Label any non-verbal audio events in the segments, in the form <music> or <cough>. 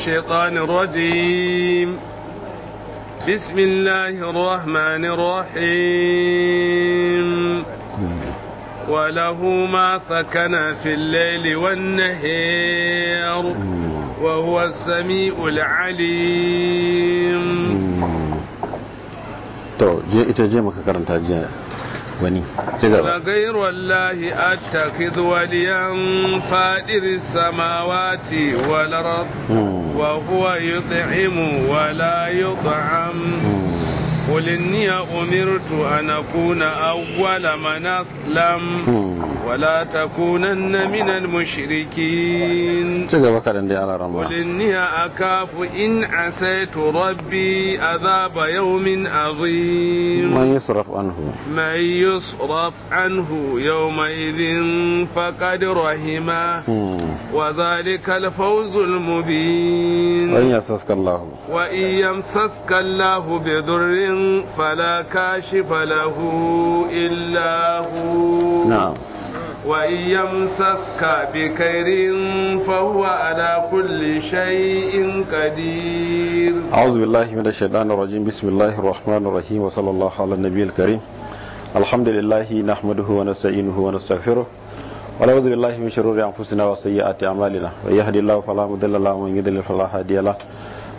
الشيطان الرجيم بسم الله الرحمن الرحيم وله ما سكن في الليل والنهار وهو السميع العليم تو جئ wani cigaba gair wallahi attakid waliyan fadir samawati wal قل إني أمرت أن أكون أول من أسلم ولا تكونن من المشركين قل إني أكاف إن عسيت ربي عذاب يوم عظيم من يصرف عنه من يصرف عنه يومئذ فقد رحمه وذلك الفوز المبين وإن يمسسك الله وإن يمسسك الله بضر ضر فلا كاشف له إلا هو نعم وإن يمسسك بخير فهو على كل شيء قدير أعوذ بالله من الشيطان الرجيم بسم الله الرحمن الرحيم وصلى الله على النبي الكريم الحمد لله نحمده ونستعينه ونستغفره ونعوذ بالله من شرور أنفسنا وسيئات أعمالنا ويهدي الله فلا مضل له ومن يضلل فلا هادي له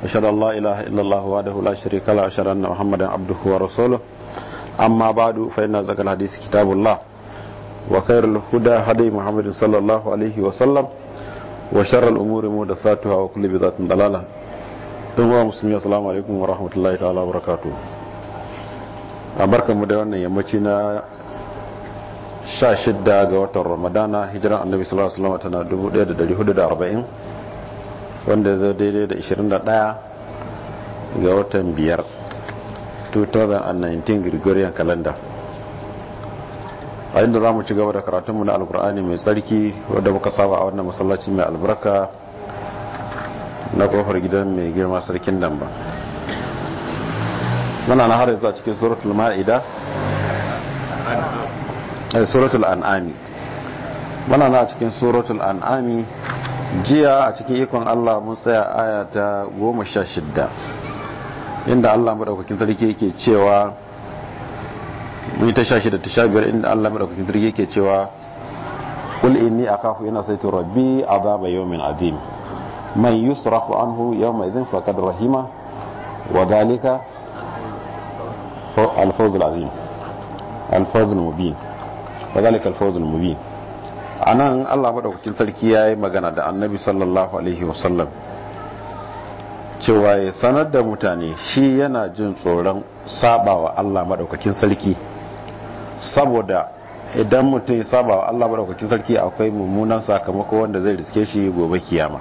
أشهد أن لا إله إلا الله وحده لا شريك له أشهد أن محمدا عبده ورسوله أما بعد فإن أزكى الحديث كتاب الله وخير الهدى هدي محمد صلى الله عليه وسلم وشر الأمور محدثاتها وكل بدعة ضلالة ɗan musulmi assalamu alaikum wa rahmatullahi ta'ala wa a barkan mu da wannan yammaci na 16 ga watan ramadana hijiran annabi sallallahu alaihi wasallam tana 1440 wanda zai daidai da 21 ga watan biyar 2019 gregorian calendar a inda za mu ci gaba da karatunmu na alkur'ani mai tsarki wadda muka saba a wannan masallaci mai albarka na kofar gidan mai girma sarkin nan ba muna na har yanzu a cikin suratul ma'ida eh, suratul an'ami muna na cikin suratul an'ami jiya a cikin ikon Allah mun tsaya aya ta goma sha shidda inda Allah maɗaukakin sarki yake cewa mun yi ta sha shida ta sha biyar inda Allah maɗaukakin sarki yake cewa kul inni kafu yana saitu rabbi azaba yawmin azim man yusrafu anhu yawma idhin faqad rahima wa dhalika al-fawz azim mubin wa dalika al mubin a nan allah maɗaukacin sarki ya yi magana da annabi sallallahu alaihi wasallam cewa ya sanar da mutane shi yana jin tsoron saba wa allah maɗaukacin sarki saboda idan mutum ya saba wa allah maɗaukacin sarki akwai mummunan sakamako wanda zai riske shi gobe kiyama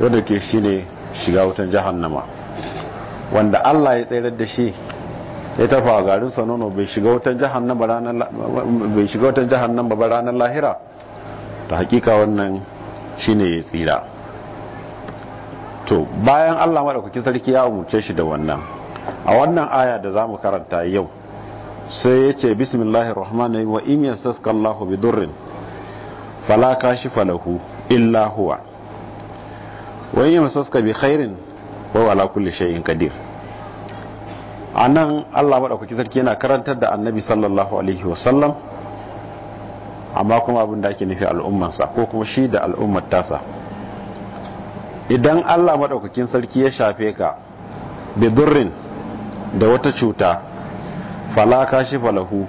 wanda ke shi ne shiga wutan jahannama wanda allah ya tsayar da shi ya tafa garin sanono bai shiga wutan jihar ranar bai ba ranar lahira ta hakika wannan shine ya tsira to bayan Allah madaukakin sarki ya umurce shi da wannan a wannan aya da zamu karanta yau sai yace ce bismillahir rahmanir rahim wa in yasaska Allahu bidurrin fala kashifa lahu illa huwa wa in saska bi khairin wa ala kulli shay'in qadir a nan allah maɗaukaki sarki yana karantar da annabi sallallahu alaihi wasallam amma kuma abin da ake nufi al'ummansa ko kuma shi da al'ummar tasa idan allah maɗaukakin sarki ya shafe ka bidurrin da wata cuta falaka shi falahu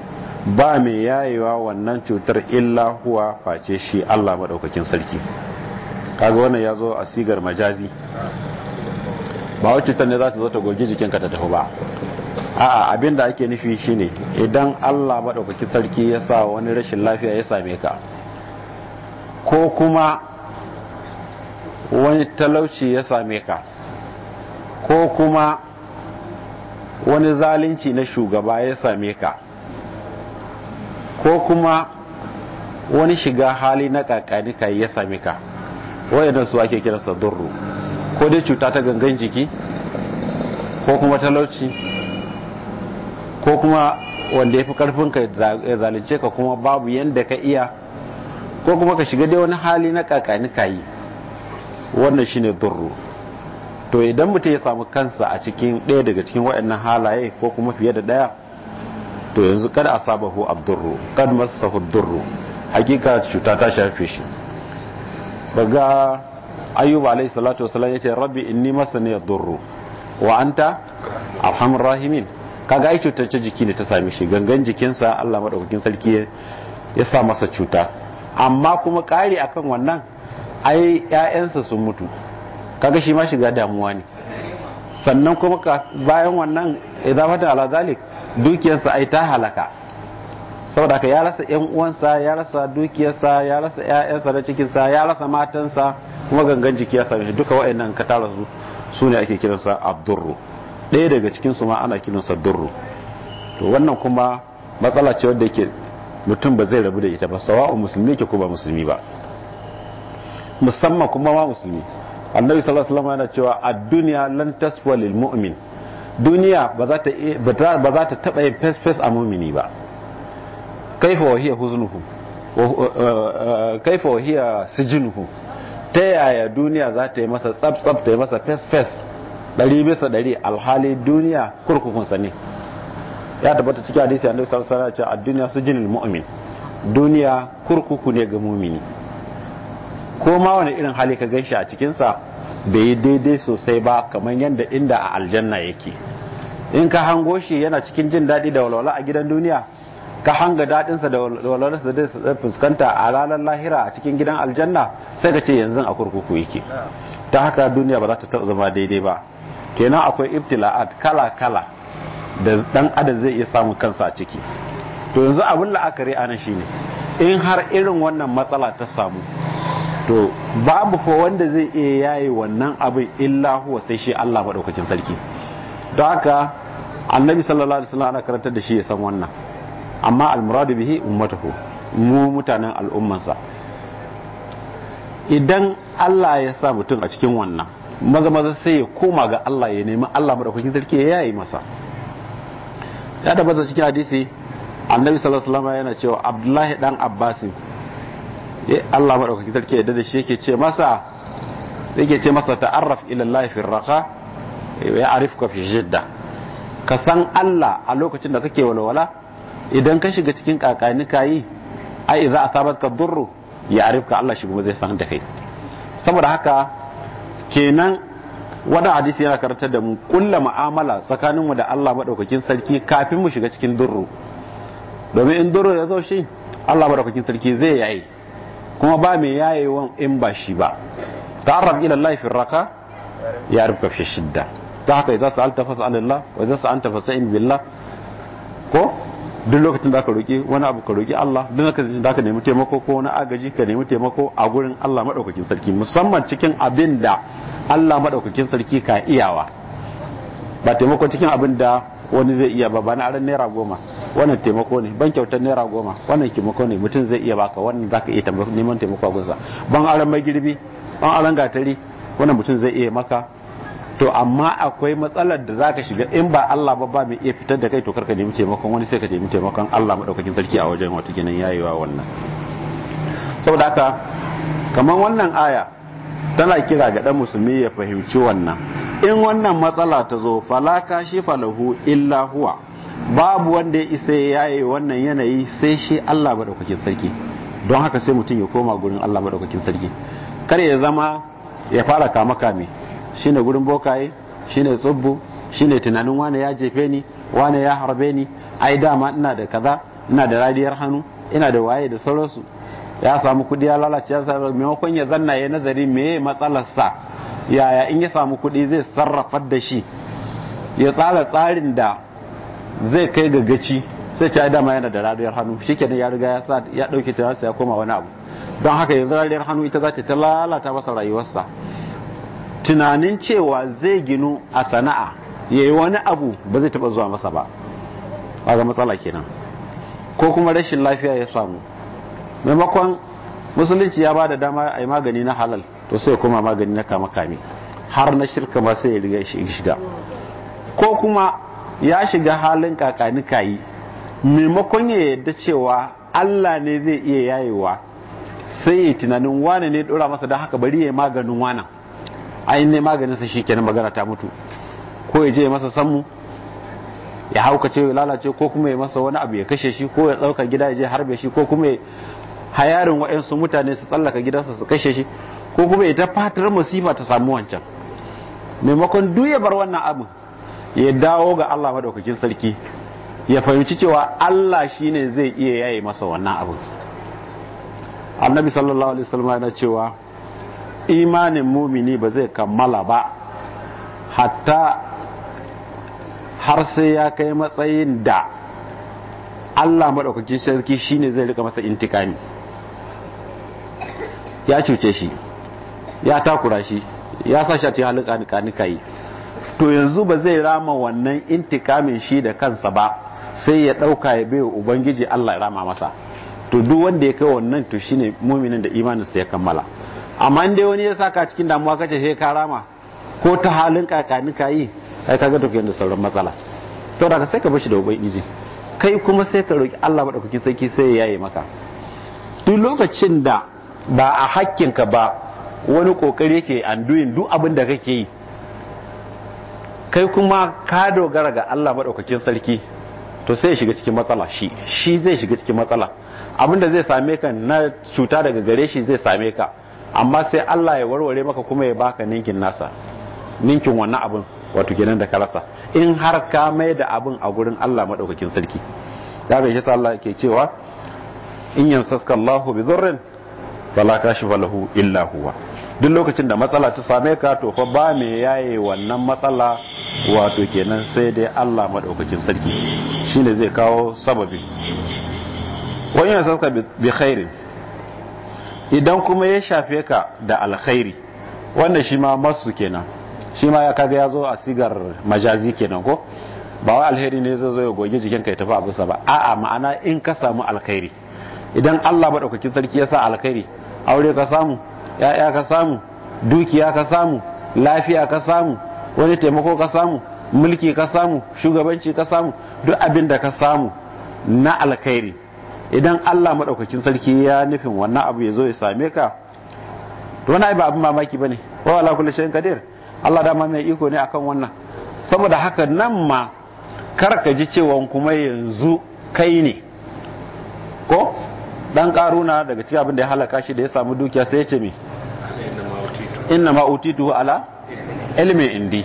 ba mai yayewa wannan cutar illa huwa face shi allah maɗaukakin sarki kaga wannan ya zo a sigar majazi ba wacce ta ne za ta zo ta gogi jikinka ta tafi ba a'a abin da ake nufi shine idan Allah maɗaukaki sarki ya sa wani rashin lafiya ya same ka ko kuma wani talauci ya same ka ko kuma wani zalunci na shugaba ya same ka ko kuma wani shiga hali na kakanika ya same ka wayannan su ake kiransa durru ko dai cuta ta gangan jiki ko kuma talauci ko kuma wanda ya fi ka ya zalunce ka kuma babu yadda ka iya ko kuma ka shiga dai wani hali na kakani kayi wannan shine durru to idan mutum ya samu kansa a cikin ɗaya daga cikin waɗannan halaye ko kuma fiye da ɗaya to yanzu kada a saba hu abdurru kad masahu durru hakika cuta ta shafe shi baga ayyuba alayhi salatu wasallam yace rabbi inni masani ne durru wa anta arhamur rahimin kaga ai cutar ta jiki ne ta sami shi gangan jikinsa Allah madaukakin sarki ya sa masa cuta amma kuma kare akan wannan ai ƴaƴansa sun mutu kaga shi ma shiga damuwa ne sannan kuma bayan wannan idafatan ala zalik dukiyarsa ai ta halaka saboda ka ya rasa ƴan uwansa ya rasa dukiyarsa ya rasa ƴaƴansa da cikinsa ya rasa matansa kuma gangan jiki ya same shi duka waɗannan ka tara su ake kiransa abdurru ɗaya daga cikin su ma ana kiransa durru to wannan kuma matsala ce wadda yake mutum ba zai rabu da ita ba sawa'u musulmi ke ko ba musulmi ba musamman kuma ma musulmi annabi sallallahu alaihi wasallam yana cewa ad-dunya lan tasfa lil mu'min duniya ba za ta ba za ta taba yin face face a mu'mini ba kaifa wa hiya huznuhu uh, uh, kaifa wa hiya sijnuhu ta yaya duniya za ta yi masa tsab tsab ta yi masa face face ɗari bisa ɗari alhali duniya kurkukunsa ne ya tabbata cikin hadisi annabi sallallahu alaihi wasallam a duniya su jinin mu'min duniya kurkuku ne ga mumini ko ma wani irin hali ka ganshi a cikinsa bai yi daidai sosai ba kamar yadda inda a aljanna yake in ka hango shi yana cikin jin daɗi da walwala a gidan duniya ka hanga daɗinsa da walwala da zai fuskanta a ranar lahira a cikin gidan aljanna sai ka ce yanzu a kurkuku yake ta haka duniya ba za ta taɓa zama daidai ba kenan akwai ibtila'at kala-kala da dan adam zai iya samun kansa a ciki to yanzu abin la'akari a nan shine in har irin wannan matsala ta samu to babu ko wanda zai iya yaye wannan abin illa huwa sai shi Allah madaukakin sarki don haka annabi sallallahu alaihi wasallam ana karantar da shi ya san wannan amma almuradu bihi ummatuhu mu mutanen al'ummansa, idan Allah ya sa mutum a cikin wannan maza maza sai ya koma ga Allah ya nemi Allah madaukakin sarki ya yayi masa ya maza cikin hadisi annabi sallallahu alaihi wasallam yana cewa Abdullahi dan Abbas ya eh, Allah madaukakin sarki ya dade shi yake ce masa yake ce masa ta'arraf ila Allah fi raqa eh, ya arifka fi jidda ka san Allah a lokacin da kake walwala idan ka shiga cikin kakani kayi ai idza asabatka durru ya arifka Allah shi kuma zai san da kai saboda haka kenan wani hadisi yana karantar da mu kulla mu'amala tsakaninmu da Allah madaukakin sarki kafin mu shiga cikin durru domin in durru ya zo shi Allah madaukakin sarki zai yayi kuma ba mai yayewan in ba shi ba ta'arraf ila Allah fi raka ya rubka shi shidda ta haka idan sa'alta Alillah? wa idan sa'anta fas'in billah ko duk lokacin da ka roƙi wani abu ka roƙi Allah duk lokacin da ka nemi taimako ko wani agaji ka nemi taimako a gurin Allah madaukakin sarki musamman cikin abin da Allah madaukakin sarki ka iyawa ba taimako cikin abin da wani zai iya ba ba na aran naira goma wannan taimako ne ban kyautar naira goma wannan taimako ne mutum zai iya baka wannan zaka iya neman taimako a gunsa ban aran magirbi ban aran gatari wannan mutum zai iya maka to amma akwai matsalar da zaka shiga in ba Allah ba ba mai iya fitar da kai to karka nemi taimakon wani sai ka nemi taimakon Allah madaukakin sarki a wajen wato kenan yayewa wannan saboda haka kamar wannan aya tana kira ga dan musulmi ya fahimci wannan in wannan matsala ta zo fala kashifa lahu illa huwa babu wanda ya isa yaye wannan yanayi sai shi Allah madaukakin sarki don haka sai mutum ya koma gurin Allah madaukakin sarki kar ya zama ya fara kama kame shine gurin bokaye shine tsubbu shine tunanin wane ya jefe ni wane ya harbe ni ai dama ina da kaza ina da radiyar hannu ina da waye da sauransu ya samu kudi ya lalace ya samu maimakon ya zanna ya nazari me matsalarsa yaya in ya samu kudi zai sarrafa da shi ya tsara tsarin da zai kai ga gaci sai ta dama yana da radiyar hannu shikenan ya riga ya dauke ta ya koma wani abu don haka yanzu radiyar hannu ita za ta lalata masa rayuwarsa tunanin cewa zai ginu a sana'a ya yi wani abu ba zai taba zuwa masa ba ga matsala kenan ko kuma rashin lafiya ya samu maimakon musulunci ya ba da dama a yi magani na halal to sai kuma magani na kama kame har na shirka ma sai ya riga shiga ko kuma ya shiga halin kakani kayi maimakon ya yadda cewa allah ne zai iya yayewa sai ya tunanin wane ne dora masa don haka bari ya yi maganin wanan ai ne maganin sa kenan magana ta mutu ko ya je ya masa sammu ya haukace ya lalace ko kuma ya masa wani abu ya kashe shi ko ya tsauka gida ya je harbe shi ko kuma ya hayarin waɗansu mutane su tsallaka gidansa su kashe shi ko kuma ya ta fatar masifa ta samu wancan maimakon duk ya bar wannan abin ya dawo ga Allah madaukakin sarki ya fahimci cewa Allah shine zai iya yaye masa wannan abin annabi sallallahu alaihi wasallam yana cewa imanin mumini ba zai kammala ba hatta har sai ya kai matsayin da Allah maɗaukacin sarki shine zai rika masa intikami ya cuce shi ya takura shi ya sa shi a cikin halin kanika yi to yanzu ba zai rama wannan intikamin shi da kansa ba sai ya ɗauka ya bai ubangiji Allah ya rama masa to duk wanda ya kai wannan to shine muminin da imaninsa ya kammala amma in dai wani ya saka cikin damuwa kace sai ka rama ko ta halin kakani ka yi ai kaga to da sauran matsala saboda ka sai ka bashi da ubangiji kai kuma sai ka roki Allah madaukakin sarki sai ya yaye maka duk lokacin da ba a hakkin ka ba wani kokari yake anduyin duk abin da kake yi kai kuma ka dogara ga Allah madaukakin sarki to sai ya shiga cikin matsala shi shi zai shiga cikin matsala abinda zai same ka na cuta daga gare shi zai same ka amma sai Allah ya warware maka kuma ya baka ninkin nasa ninkin wannan abin wato kenan da ka rasa in har ka mai da abin a gurin Allah madaukakin sarki ya bai shi Allah ke cewa in yansaska Allahu bi dhurrin fala shi lahu illa huwa duk lokacin da matsala ta same ka to fa ba me yaye wannan matsala wato kenan sai dai Allah madaukakin sarki shine zai kawo sababi wa in yansaska bi khairin idan kuma ya shafe ka da alkhairi wannan shi ma masu kenan shi ma ya kaga ya zo a sigar majazi kenan ko ba wa alheri ne zai zo ya goge jikin ka ya tafi abusa ba a'a ma'ana in ka samu alkhairi idan Allah ba dauki sarki ya sa alkhairi aure ka samu ya'ya ka samu dukiya ka samu lafiya ka samu wani taimako ka samu mulki ka samu shugabanci ka samu duk abin da ka samu na alkhairi idan Allah maɗaukacin sarki ya nufin wannan abu ya zo ya same ka to wani ba abin mamaki ba ne wa ala kulli shay'in qadir Allah dama mai iko ne akan wannan saboda haka nan ma kar ka ji cewa kuma yanzu kai ne ko dan karuna daga cikin abin da ya halaka shi da ya samu dukiya sai ya ce me inna ma utitu ala ilmi indi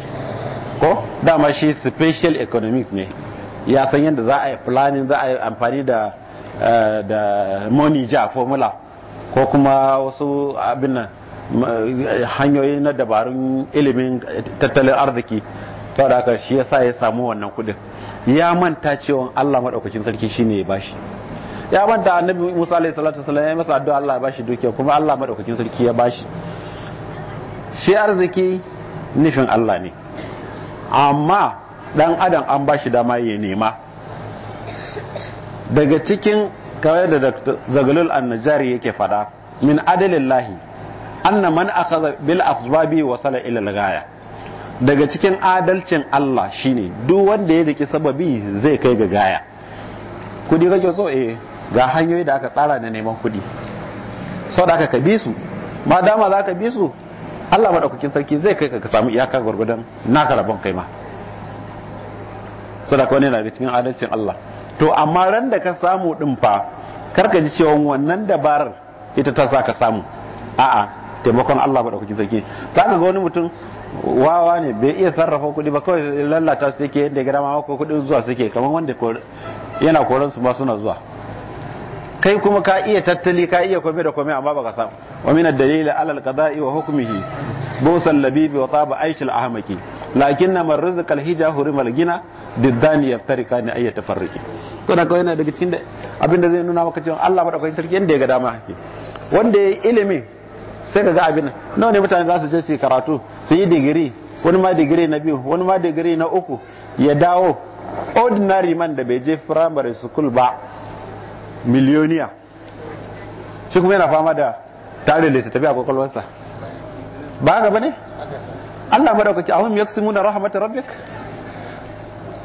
ko dama shi special economic ne ya san yadda za a yi planning za a yi amfani da Eh, da monija formula ko kuma wasu abin nan eh, hanyoyi na dabarun ilimin tattalin arziki to da haka shi yasa ya samu wannan kudin ya manta cewa Allah madaukakin sarki shine ya bashi ya manta annabi Musa alaihi salatu wasallam ya masa addu'a Allah ya bashi dukiya kuma Allah madaukakin sarki ya bashi shi arziki nufin Allah ne amma dan adam an bashi dama ya nema daga cikin kawai da zagalul annajari yake fada min adalillahi anna man akhadha bil asbabi wasala ila gaya. daga cikin adalcin Allah shine duk wanda ya riki sababi zai kai ga gaya kudi kake so eh ga hanyoyi da aka tsara na neman kudi sau da aka kabi su ma dama za ka bi su Allah maɗaukakin sarki zai kai ka samu iyaka gwargwadon naka rabon kai ma sadaka wani na cikin adalcin Allah to amma ran da ka samu din fa ka ji cewa wannan dabarar ita ta sa ka samu a'a taimakon Allah ba da kuke sarki za ka ga wani mutum wawa ne bai iya sarrafa kuɗi ba kawai lallata su yake yadda gara ma ko kuɗin zuwa suke kamar wanda yana koran su ma suna zuwa kai kuma ka iya tattali ka iya kome da kome amma baka samu wa min ad-dalil ala al-qada'i wa hukmihi busan labibi wa taba aish al-ahmaki lakinna marzuqal hijahu rimal gina diddani yaftariqani ayyata farriki saboda kawai yana daga cikin abinda zai nuna maka cewa Allah madaukakin sarki yanda ya ga dama hake wanda ya yi ilimi sai ka ga abin nawa ne mutane za su je su yi karatu su yi digiri wani ma digiri na biyu wani ma digiri na uku ya dawo ordinary man da bai je primary school ba miliyoniya shi kuma yana fama da tare littattafi a kwakwalwarsa ba haka bane Allah da madaukaki yaksimu na rahmatar rabbik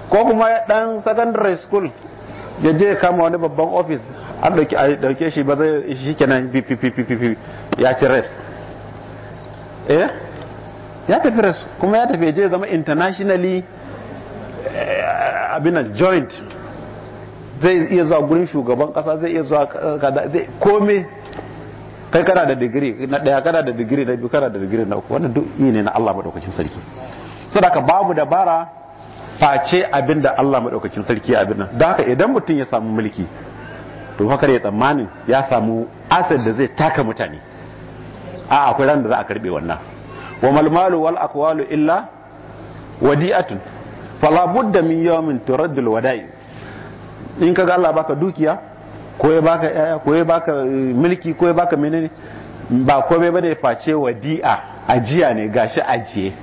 ko kuma dan secondary school ya je kama wani babban ofis an dauke shi ba zai shi kenan pipipipipi ya ci reps eh ya tafi reps kuma ya tafi je zama internationally eh, abin joint zai iya zuwa gurin shugaban kasa zai iya zuwa kada zai kome kai kana da digiri na daya kana da digiri na biyu kana da digiri na uku wannan duk ne na Allah madaukakin sarki sadaka babu dabara face abin da Allah maɗaukacin sarki abin nan da haka idan mutum ya samu mulki to haka ya tsammanin ya samu asal da zai taka mutane a akwai ran da za a karɓe wannan wa malmalu wal aqwalu illa wadi'atun fala budda min yawmin turaddul wada'i in kaga Allah baka dukiya ko ya baka yaya ko ya baka eh, mulki ko ya baka menene ba komai bane face wadi'a ajiya ne gashi ajiye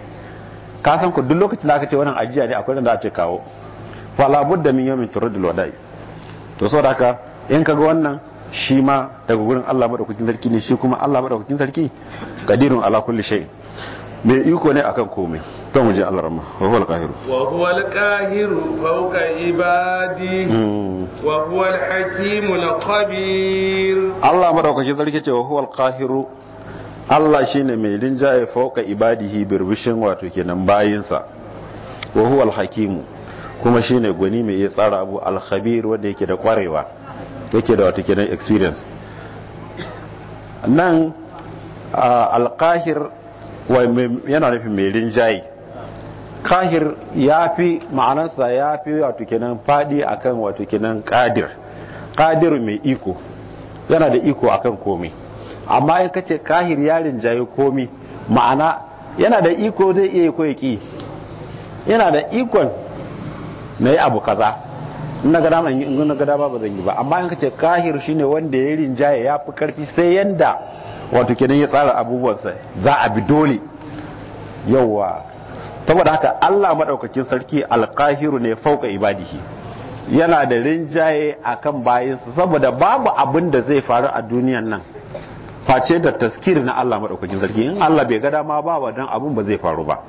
ka san ku duk lokacin da aka ce wannan ajiya ne akwai da ake kawo fa la budda min yawmin turadul wada'i to saboda haka in kaga wannan shi ma daga gurin Allah madaukakin sarki ne shi kuma Allah madaukakin sarki qadirun ala kulli shay mai iko ne akan komai to mu ji Allah rahma wa huwal qahiru wa huwal qahiru fawqa ibadi hmm. wa huwal hakimul khabir Allah madaukakin sarki ce wa huwal qahiru Allah shi ne mai rinjaye fauka ibadihi birbishin wato kenan bayinsa wa huwa hakimu kuma shi ne gwani mai iya tsara abu alkhabir wanda yake da kwarewa yake da wato kenan experience nan alkahir yana nufin mai rinjaye kahir ya fi ma'anarsa ya fi wato kenan fadi akan wato kenan kadir kadir mai iko yana da iko akan komai amma in kace kahir yarin jayi komi ma'ana yana da iko zai iya ko ya ki yana da ikon na yi abu kaza na gada dama in zan yi ba amma in kace kahir shine wanda ya rinjaye ya fi karfi sai yanda wato kenan ya tsara abubuwansa za a bi dole yawwa saboda haka Allah madaukakin sarki alkahiru ne fauka ibadihi yana da rinjaye akan bayinsa saboda babu abin da zai faru a duniyan nan face da taskir na Allah madaukakin sarki in Allah bai ga dama ba wadan abun ba zai faru ba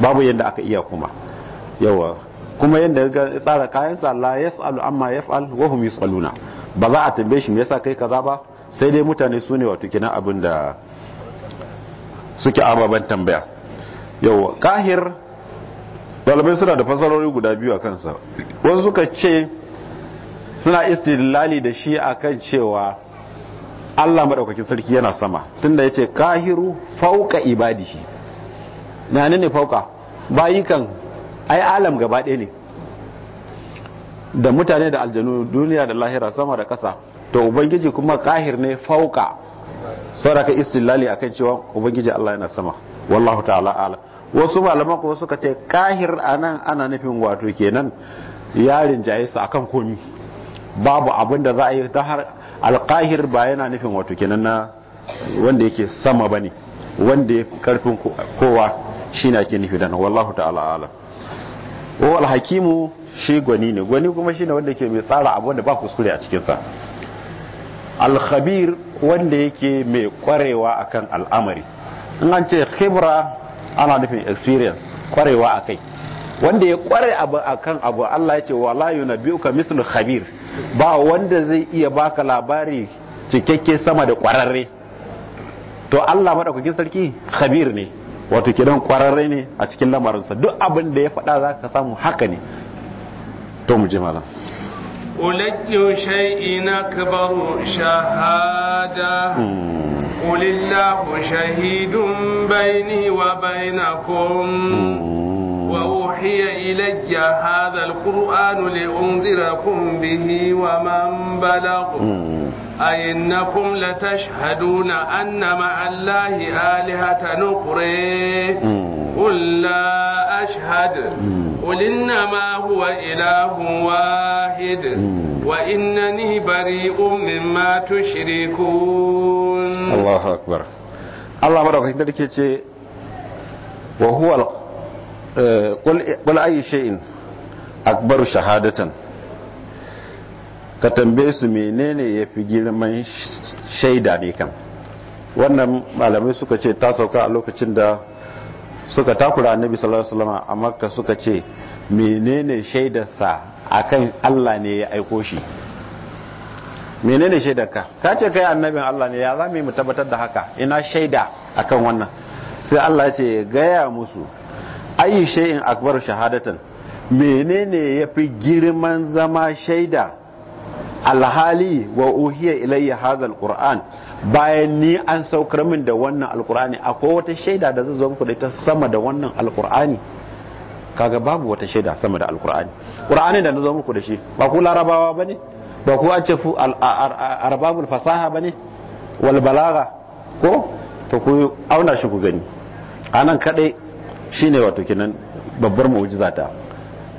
babu yadda aka iya kuma yawa kuma yadda ya tsara kayan sa la yasalu amma yaf'al wa hum yusaluna ba za a tambaye shi me yasa kai kaza ba sai dai mutane su ne wato kina abin da suke ababen tambaya yawa kahir dalibai suna da fasarori guda biyu a kansa wasu suka ce suna istilali da shi akan cewa Allah madaukakin sarki yana sama tunda yace kahiru fauka ibadihi na ne fauka bayi kan ai alam gaba ɗaya ne da mutane da aljanu duniya da lahira sama da ƙasa to ubangiji kuma kahir ne fauka saraka istilali akan cewa ubangiji Allah yana sama wallahu ta'ala ala wasu malaman kuma suka ce kahir anan ana nufin wato kenan yarin jayisa akan komi babu abin da za a yi ta har alqahir ba yana nufin wato kenan na wanda yake sama bane wanda karfin kowa shine ake nufi da wallahu ta'ala alam wa alhakimu shi gwani ne gwani kuma shine wanda yake mai tsara abu wanda ba kuskure a cikin sa alkhabir wanda yake mai kwarewa akan al'amari in an ce khibra ana nufin experience kwarewa akai wanda ya kware abu a kan abu Allah ya ce wala yunabbiuka mislu khabir ba wanda zai iya baka labari cikakke sama da kwararre to Allah madaukakin sarki khabir ne wato kidan kwararre ne a cikin lamarinsa duk abin da ya faɗa za zaka samu haka ne to mu je malam ولي شيء أكبر shahada, قل الله شهيد بيني وبينكم وأوحي إلي هذا القرآن لأنذركم به ومن بلغ أئنكم لتشهدون أن مع الله آلهة نقري قل لا أشهد قل إنما هو إله واحد وإنني بريء مما تشركون الله أكبر الله أكبر وهو qul ayi shay'in akbar shahadatan ka tambaye su menene ya fi girman shaida ne kan wannan malamai suka ce ta sauka a lokacin da suka takura annabi sallallahu alaihi wasallam a makka suka ce menene shaidarsa akan Allah ne ya aiko shi menene shaidarka ka ce kai annabin Allah ne ya za mu tabbatar da haka ina shaida akan wannan sai Allah ya ce gaya musu ayi shay'in akbar shahadatan menene yafi girman zama shaida alhali wa uhiya ilayya hadha alquran bayan ni an saukar min da wannan alqurani akwai wata shaida da zai zo muku da ita sama da wannan alqurani kaga babu wata shaida sama da alqurani qur'ani da zo muku da shi ba ku larabawa bane ba ku ace fu fu arbabul fasaha bane wal balaga ko to ku auna shi ku gani anan kadai shine wato kinan babbar mu'jiza ta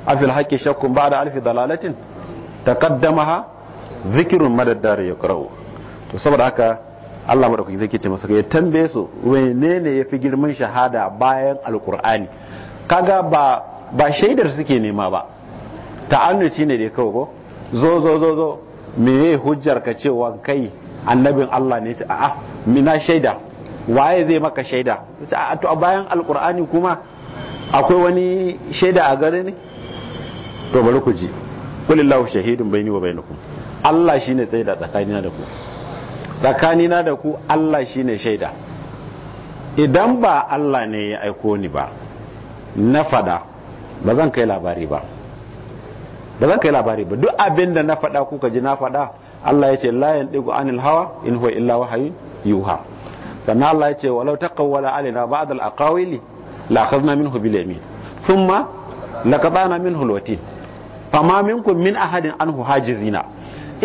afil haqqi shakkun ba'da alfi dalalatin taqaddamaha zikrun madaddar yaqra'u to saboda haka Allah madaukaki zai ce masa ya tambaye su ya fi girman shahada bayan alqur'ani kaga ba ba shaidar suke nema ba ta'annuci ne dai kawai ko zo zo zo zo meye hujjar ka cewa kai annabin Allah ne a mina shaida waye zai maka shaida to a bayan alkur'ani kuma akwai wani shaida a gare ne to bari ku ji kulillahu shahidun baini wa bainakum Allah shine tsaida tsakanina da ku tsakanina da ku Allah shine shaida idan ba Allah ne ya aiko ni ba na fada ba zan kai labari ba ba zan kai labari ba duk abin da na fada kuka ji na fada Allah ya ce la yandigu anil hawa in huwa illa wahyu yuha sannan Allah ya ce walau taqawwala alaina ba'd al-aqawili la akhadna minhu bil min. thumma laqadana minhu al-watin fama minkum min ahadin anhu hajizina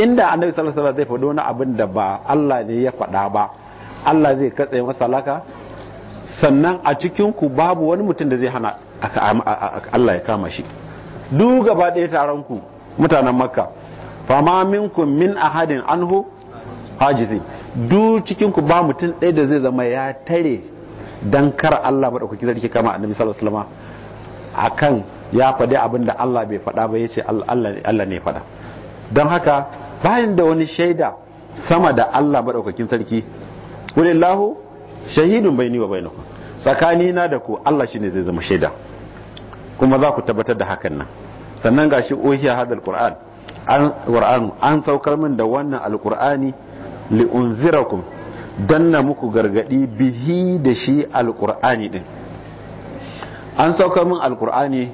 inda annabi sallallahu alaihi zai faɗo wani abin da ba Allah ne ya faɗa ba Allah zai katse masa laka sannan a cikin ku babu wani mutum da zai hana Allah ya kama shi duk gaba ɗaya taron ku mutanen makka fama min ahadin anhu hajizin duk cikin ku ba mutum ɗaya da zai zama ya tare don kar Allah madaukaki sarki kama annabi sallallahu alaihi wasallam akan ya faɗi abin da Allah bai faɗa ba yace Allah ne faɗa don haka bayan da wani shaida sama da Allah maɗaukakin sarki walillahu shahidun baini wa bainakum tsakani na da ku Allah ne zai zama shaida kuma za ku tabbatar da hakan nan sannan gashi ohiya hadal qur'an an qur'an an saukar min da wannan alqur'ani li'unzirakum don muku gargadi bihi da shi alkur'ani din an saukar min alkur'ani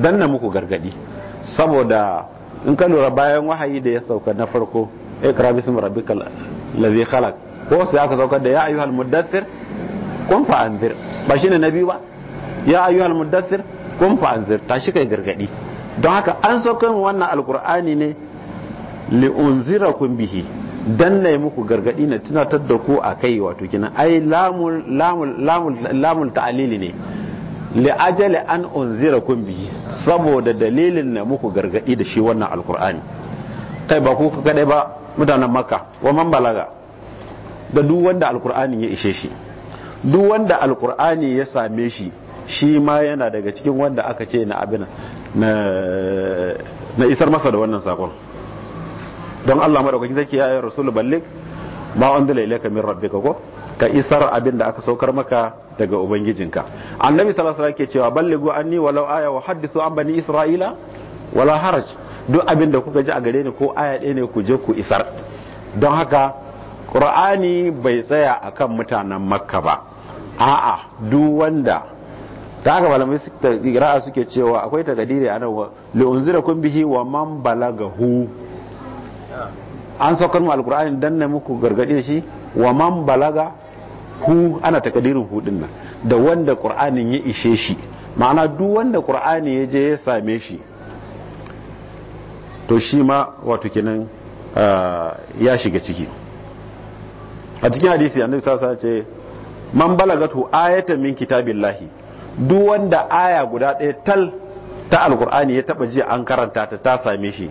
danna muku gargadi saboda in ka lura bayan wahayi da ya sauka na farko ikra bismi rabbikal ladhi khalaq ko sai aka sauka da ya ayyuhal muddathir kun fa anzir ba shine nabi ba ya ayyuhal muddathir kun fa anzir tashi kai gargadi don haka an saukar wannan alkur'ani ne li'unzirakum bihi dan na muku gargadi na tunatar da ku akai wato kina ai lamul lamul lamul lamul ne li ajali an kun bi saboda dalilin na muku gargadi da shi wannan alqur'ani kai ba ku kadai ba mutanen makka wa man balaga da duk wanda alqur'ani ya ishe shi duk wanda alqur'ani ya same shi shi ma yana daga cikin wanda aka ce na abin na isar masa da wannan sakon don Allah madaukakin zaki ya ayyar rasul ballik ma unzila ilayka min rabbika ko ka isar abin da aka saukar maka daga ubangijinka annabi sallallahu alaihi wasallam ke cewa balligu anni walau aya wa hadithu an bani isra'ila wala haraj duk abin da kuka ji a gare ni ko aya ɗaya ne ku je ku isar don haka qur'ani bai tsaya akan mutanen makka ba a'a duk wanda ta haka malamai ra'a suke cewa akwai takadiri a wa li kun bihi wa man balagahu an saukar mu alkur'ani dan na muku gargade shi wa man balaga hu ana takadirin hu din da wanda qur'anin ya ishe shi ma'ana duk wanda qur'ani ya je ya same shi to shi ma wato kenan ah, ya shiga ciki a cikin hadisi annabi sa ce man balagatu ayatan min kitabillahi duk wanda aya guda ɗaya tal ta alkur'ani ya taba ji an karanta ta ta same shi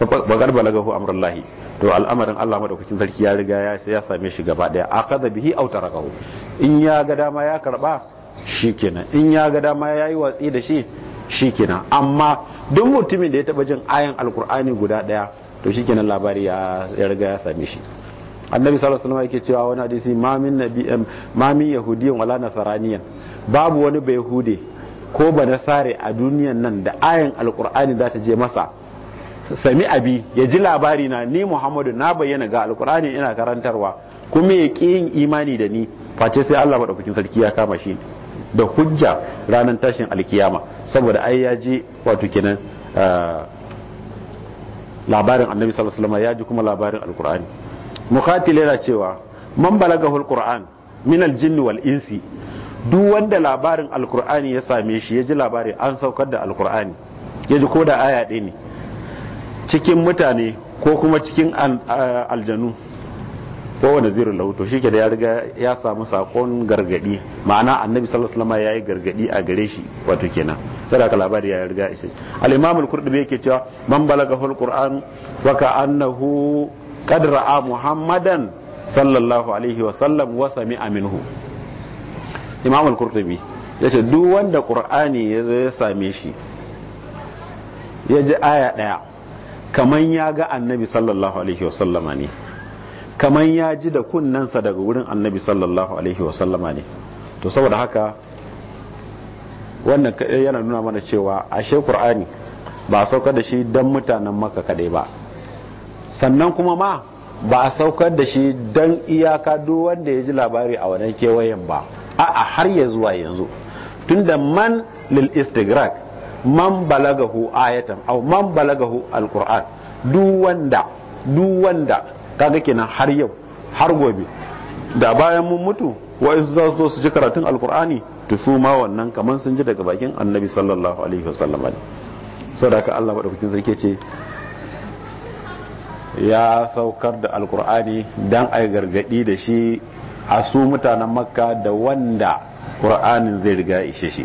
Ba ba lagahu amrullahi to al'amarin Allah madaukakin sarki ya riga ya ya same shi gaba daya akaza bihi aw tarakahu in ya ga dama ya karba shikenan in ya ga dama yayi watsi da shi shikenan amma duk mutumin da ya taba jin ayan alkur'ani guda daya to shikenan labari ya riga ya same shi annabi sallallahu alaihi wasallam yake cewa wani hadisi ma min nabi ma min yahudiyyan wala nasaraniyan babu wani bai ko ba sare a duniyan nan da ayan alkur'ani za ta je masa sami abi ya ji labari na ni muhammadu na bayyana ga alkur'ani ina karantarwa kuma ya ƙi yin imani da ni face sai allah maɗaukakin sarki ya kama shi da hujja ranar tashin alkiyama saboda ai ya ji wato kenan ah, labarin annabi sallallahu alaihi ya ji kuma labarin alkur'ani mukhatil yana cewa man balaga alquran min aljinn wal insi duk wanda labarin alkur'ani ya same shi ya ji labari an saukar da alkur'ani ya ji ko da aya ɗaya ne cikin mutane ko kuma cikin aljanu kowane zirin lahuto shi da ya riga ya samu sakon gargadi ma'ana annabi sallallahu alaihi wasallam yayi gargadi a gare shi wato kenan sai ka labari ya riga isa al-imam al-qurtubi yake cewa man balaga hul qur'an wa ka annahu qad ra'a muhammadan sallallahu alaihi wasallam wa sami'a minhu imam al-qurtubi yace duk wanda qur'ani ya same shi ya ji aya daya kaman ya ga annabi sallallahu alaihi wasallama ne kaman ya ji da kunnansa daga wurin annabi sallallahu alaihi wasallama ne to saboda haka wannan kaɗai yana nuna mana cewa ashe qur'ani ba a saukar da shi don mutanen maka kaɗai ba sannan kuma ma ba a saukar da shi don iyaka duk wanda ya ji labari a wannan kewayen ba a'a har ya zuwa yanzu tun da man lil istigrak man balagahu ayatan aw man balagahu alquran du wanda du wanda kaga kenan har yau har gobe da bayan mun mutu wa za su ji karatun alqur'ani to su ma wannan kaman sun ji daga bakin annabi sallallahu alaihi wasallam ne saboda Allah madaukakin sarki ce ya saukar da alqur'ani dan ai gargadi da shi a su mutanen makka da wanda qur'anin zai riga ishe shi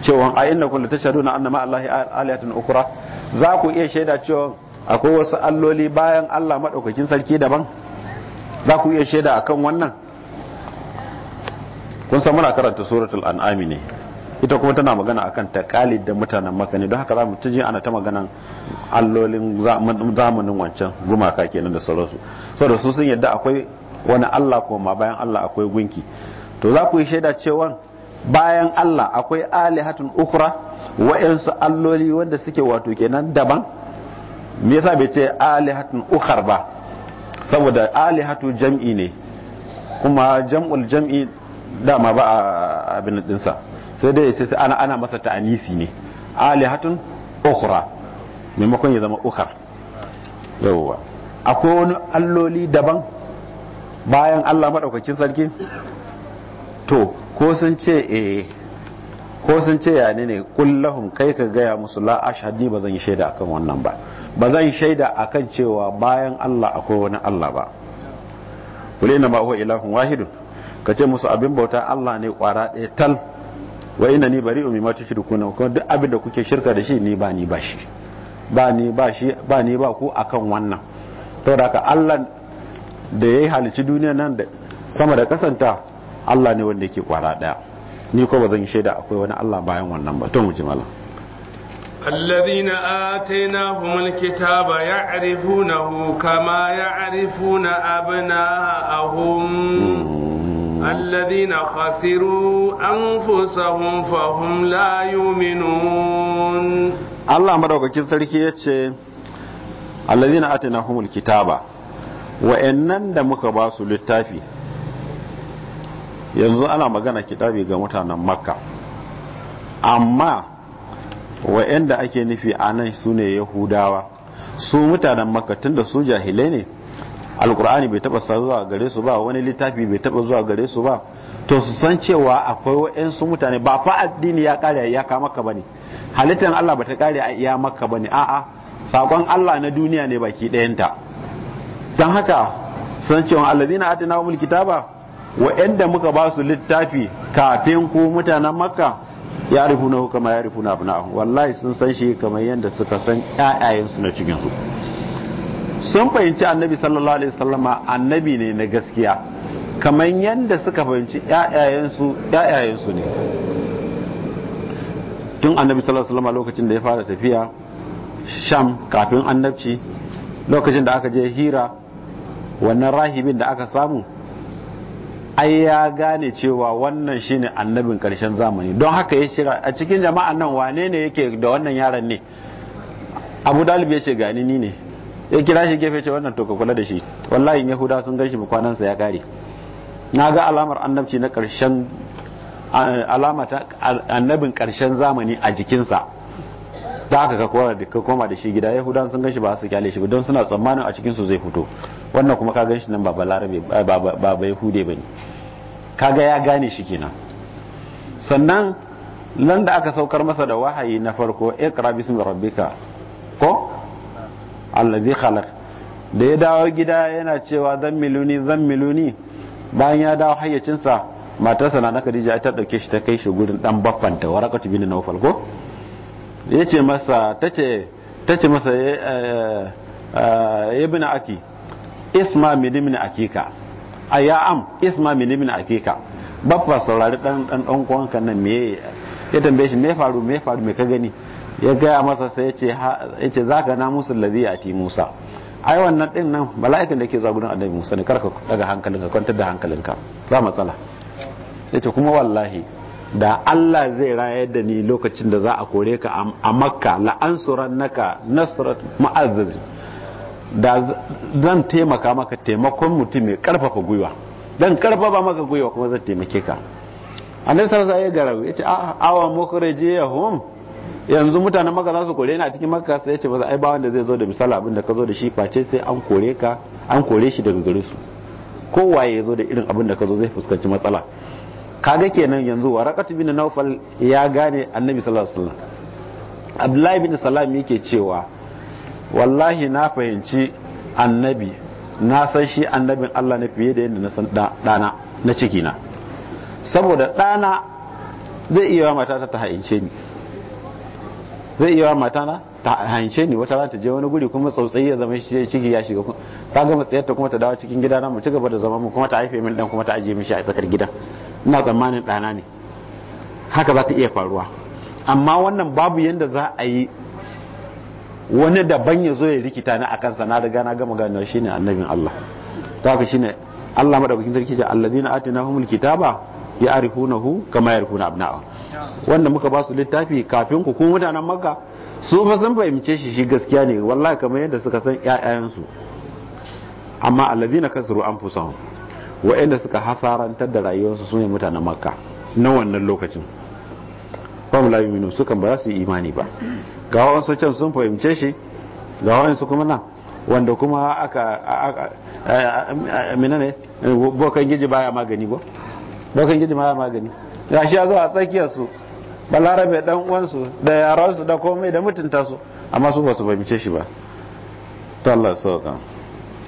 cewa a inna ta tashhaduna anna ma allahi alihatan ukura za ku iya shaida cewa akwai wasu alloli bayan Allah madaukakin sarki daban za ku iya shaida akan wannan kun san muna karanta suratul an'ami ne ita kuma tana magana akan takalid da mutanen maka ne don haka zamu tuje ana ta maganan allolin zamanin wancan gumaka kenan da sauransu saboda su sun yadda akwai wani Allah ko ma bayan Allah akwai gunki to za ku yi shaida cewa bayan Allah akwai alihatun ukura wa'yansu alloli wanda suke wato kenan daban me yasa bai ce alihatun ukhar ba saboda alihatu jam'i ne kuma jam'ul jam'i dama ba a abin dinsa sai dai sai ana ana masa ta'anisi ne alihatun ukhra maimakon ya zama ukhar yawwa akwai wani alloli daban bayan Allah madaukakin sarki to Eh, ko sun ce ya ne kullahun kai ka gaya musu la ashhadu ba zan yi shaida akan wannan ba ba zan shaida akan cewa bayan Allah akwai wani Allah ba kuli na ma huwa ilahun wahidun ka ce musu abin bauta Allah ne kwara ɗaya tal wa ina ni bari umi ta shirku na kuma duk abin da kuke shirka da shi ni ba ni ba shi ba ni ba shi ba ni ba ku akan wannan to da ka Allah da ya yi halici duniya nan da sama da kasanta Allah ne wanda yake kwara daya ni ko ba zan yi shaida akwai wani Allah bayan wannan ba to mu ji malam الذين آتيناهم الكتاب يعرفونه كما يعرفون أبناءهم الذين خسروا أنفسهم فهم لا يؤمنون الله مدعوك كيستركي الذين آتيناهم الكتاب wa'annan da muka ba su littafi yanzu ana magana kitabi ga mutanen makka amma wa'anda ake nufi a nan su ne yahudawa su mutanen makka tunda su jahilai ne alkur'ani bai taba zuwa gare su ba wani littafi bai taba zuwa gare su ba to su san cewa akwai wa'ansu mutane ba fa addini ya kare ya ka maka bane halittar Allah ba ta kare a iya maka bane a'a sakon Allah na duniya ne baki ɗayanta don haka san cewa allazina atina umul kitaba wa'anda muka ba su littafi kafin ku mutanen makka ya rufu na kama ya rufu na abu na'ahu wallahi sun san shi kamar yadda suka san ƴaƴayensu na cikinsu sun fahimci annabi sallallahu alaihi wasallama annabi ne na gaskiya kamar yadda suka fahimci ƴaƴayensu ƴaƴayensu ne tun annabi sallallahu alaihi wasallama lokacin da ya fara tafiya sham kafin annabci lokacin da aka je hira wannan rahibin da aka samu ai ya gane cewa wannan shine annabin karshen zamani don haka ya shira a cikin jama'an nan wane ne yake da wannan yaron ne abu dalib ya ce gani ni ne ya kira shi gefe ce wannan to ka kula da shi wallahi yahuda sun gan shi kwanansa ya kare na ga alamar annabci na karshen alama ta annabin karshen zamani a jikinsa za ka koma da shi gida yahudan sun gan shi ba su kyale shi don suna tsammanin a cikinsu zai fito wannan kuma ka gan shi nan ba balarabe ba ba yahude ba ne kaga ya gane shi kenan sannan nan da aka saukar masa da wahayi na farko iqra bismi rabbika ko allazi khalaq da ya dawo gida yana cewa zan miluni zan miluni bayan ya dawo hayyacinsa matarsa na Khadija ta dauke shi ta kai shi gurin dan baffanta warakatu bin nawfal ko yace masa tace tace masa eh, eh, eh, ibn aki isma min ibn akika ya am isma min ibn akika fa saurari dan dan dan kwanka nan me ya tambaye shi me faru me faru me ka gani ya gaya masa sai ya ce za na musu lazi a ti musa ai wannan din nan mala'ikan da ke zuwa gudun annabi musa ne karka daga hankalinka kwantar da hankalinka ba matsala ya ce kuma wallahi da allah zai raya da ni lokacin da za a kore ka a makka la'ansuran naka nasrat ma'azzazin da zan taimaka maka taimakon mutum mai karfafa gwiwa dan karfafa maka gwiwa kuma zan taimake ka annabi sallallahu alaihi wasallam ya ce a ah, awa mukhraji yahum yanzu mutanen maka za su kore ni a cikin maka sai ya ce masa ai ba wanda zai zo da misali abin da ka zo da shi face sai an kore ka an kore shi daga gare su kowaye ya zo da irin abin da ka zo zai fuskanci matsala kaga kenan yanzu waraqatu bin nawfal ya gane annabi sallallahu alaihi wasallam abdullahi bin salam yake cewa wallahi na fahimci annabi na san shi annabin Allah ne fiye da yadda na san ɗana na cikina saboda ɗana zai iya mata ta haince ni zai iya na ta haince ni wata rana ta je wani guri kuma tsautsayi ya zama shi ciki ya shiga ta gama tsayarta kuma ta dawo cikin gida na mu ci gaba da zama mu kuma ta haife min dan kuma ta ajiye mishi a tsakar gida ina tsammanin ɗana ne haka za ta iya faruwa amma wannan babu yadda za a yi wani daban ya zo ya rikita ni a kansa na riga na gama ganewa shine annabin Allah ta haka shine Allah madaukakin sarki ce allazina humul kitaba ya arifunahu kama arifuna abna'a wanda muka ba su littafi kafin ku kuma mutanen makka su fa sun fahimce shi shi gaskiya ne wallahi kamar yadda suka san su amma allazina kasru anfusahum wa'anda suka hasarantar da rayuwarsu sune mutanen makka na wannan lokacin fahim la yuminu su kan ba za su yi imani ba ga wasu can sun fahimce shi ga wasu kuma nan wanda kuma aka amina ne bokan giji baya magani ba bokan giji baya magani ya shi ya zo a tsakiyar su balarabe dan uwansu da yaran su da komai da mutunta su amma su ba su fahimce shi ba to Allah sauka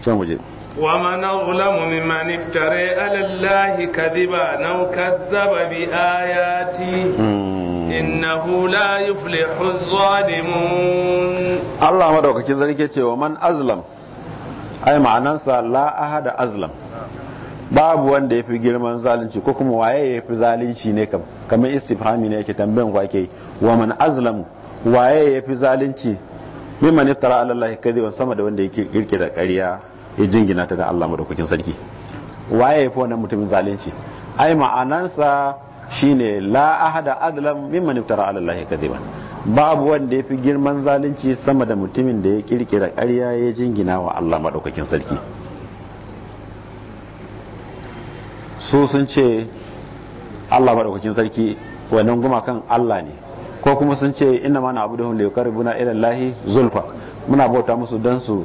sai mu je ومن أظلم ممن افترى على الله كذبا أو كذب بآياته innahu la yuflihu zalimun Allah madaukakin zarge cewa man azlam ai ma'anansa la ahada azlam babu wanda ya fi girman zalunci ko kuma waye ya fi zalunci ne kam kamar istifhami ne yake tambayan wake wa man azlam waye ya fi zalunci mimman iftara ala Allah kadiban sama da wanda yake kirkira ƙarya ya jingina ta ga Allah madaukakin sarki waye ya fi wannan mutumin zalunci ai ma'anansa shine la ahada adlam mimman iftara ala allahi kadiban babu wanda yafi girman zalunci sama da mutumin da ya kirkira ƙarya ya jingina wa Allah madaukakin sarki su sun ce Allah madaukakin sarki wannan kan Allah ne ko kuma sun ce inna ma na'buduhum li yuqarribuna ila allahi zulfa muna bauta musu dan su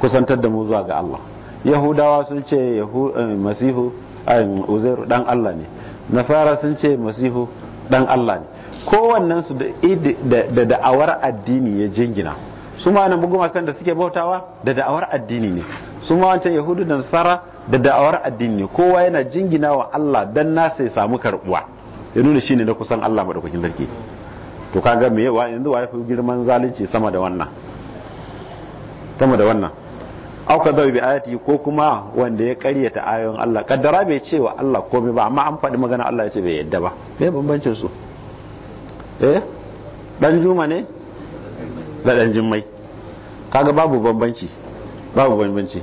kusantar da mu zuwa ga Allah yahudawa sun ce eh, masihu eh, uzairu dan Allah ne nasara sun ce masihu dan Allah ne kowannen su da da'awar addini ya jingina su ma nan kan da suke bautawa da da'awar addini ne su ma wancan yahudu da nasara da da'awar addini ne kowa yana jingina wa Allah dan nasa ya samu karbuwa ya nuna shine na kusan Allah madaukakin sarki to kaga me yanzu wa girman zalunci sama da wannan sama da wannan auka zai bi ayati ko kuma wanda ya karyata ayoyin Allah kaddara bai ce wa Allah komai ba amma an faɗi magana Allah ya ce bai yadda ba me bambancin su eh dan juma ne da dan jummai kaga babu bambanci babu bambanci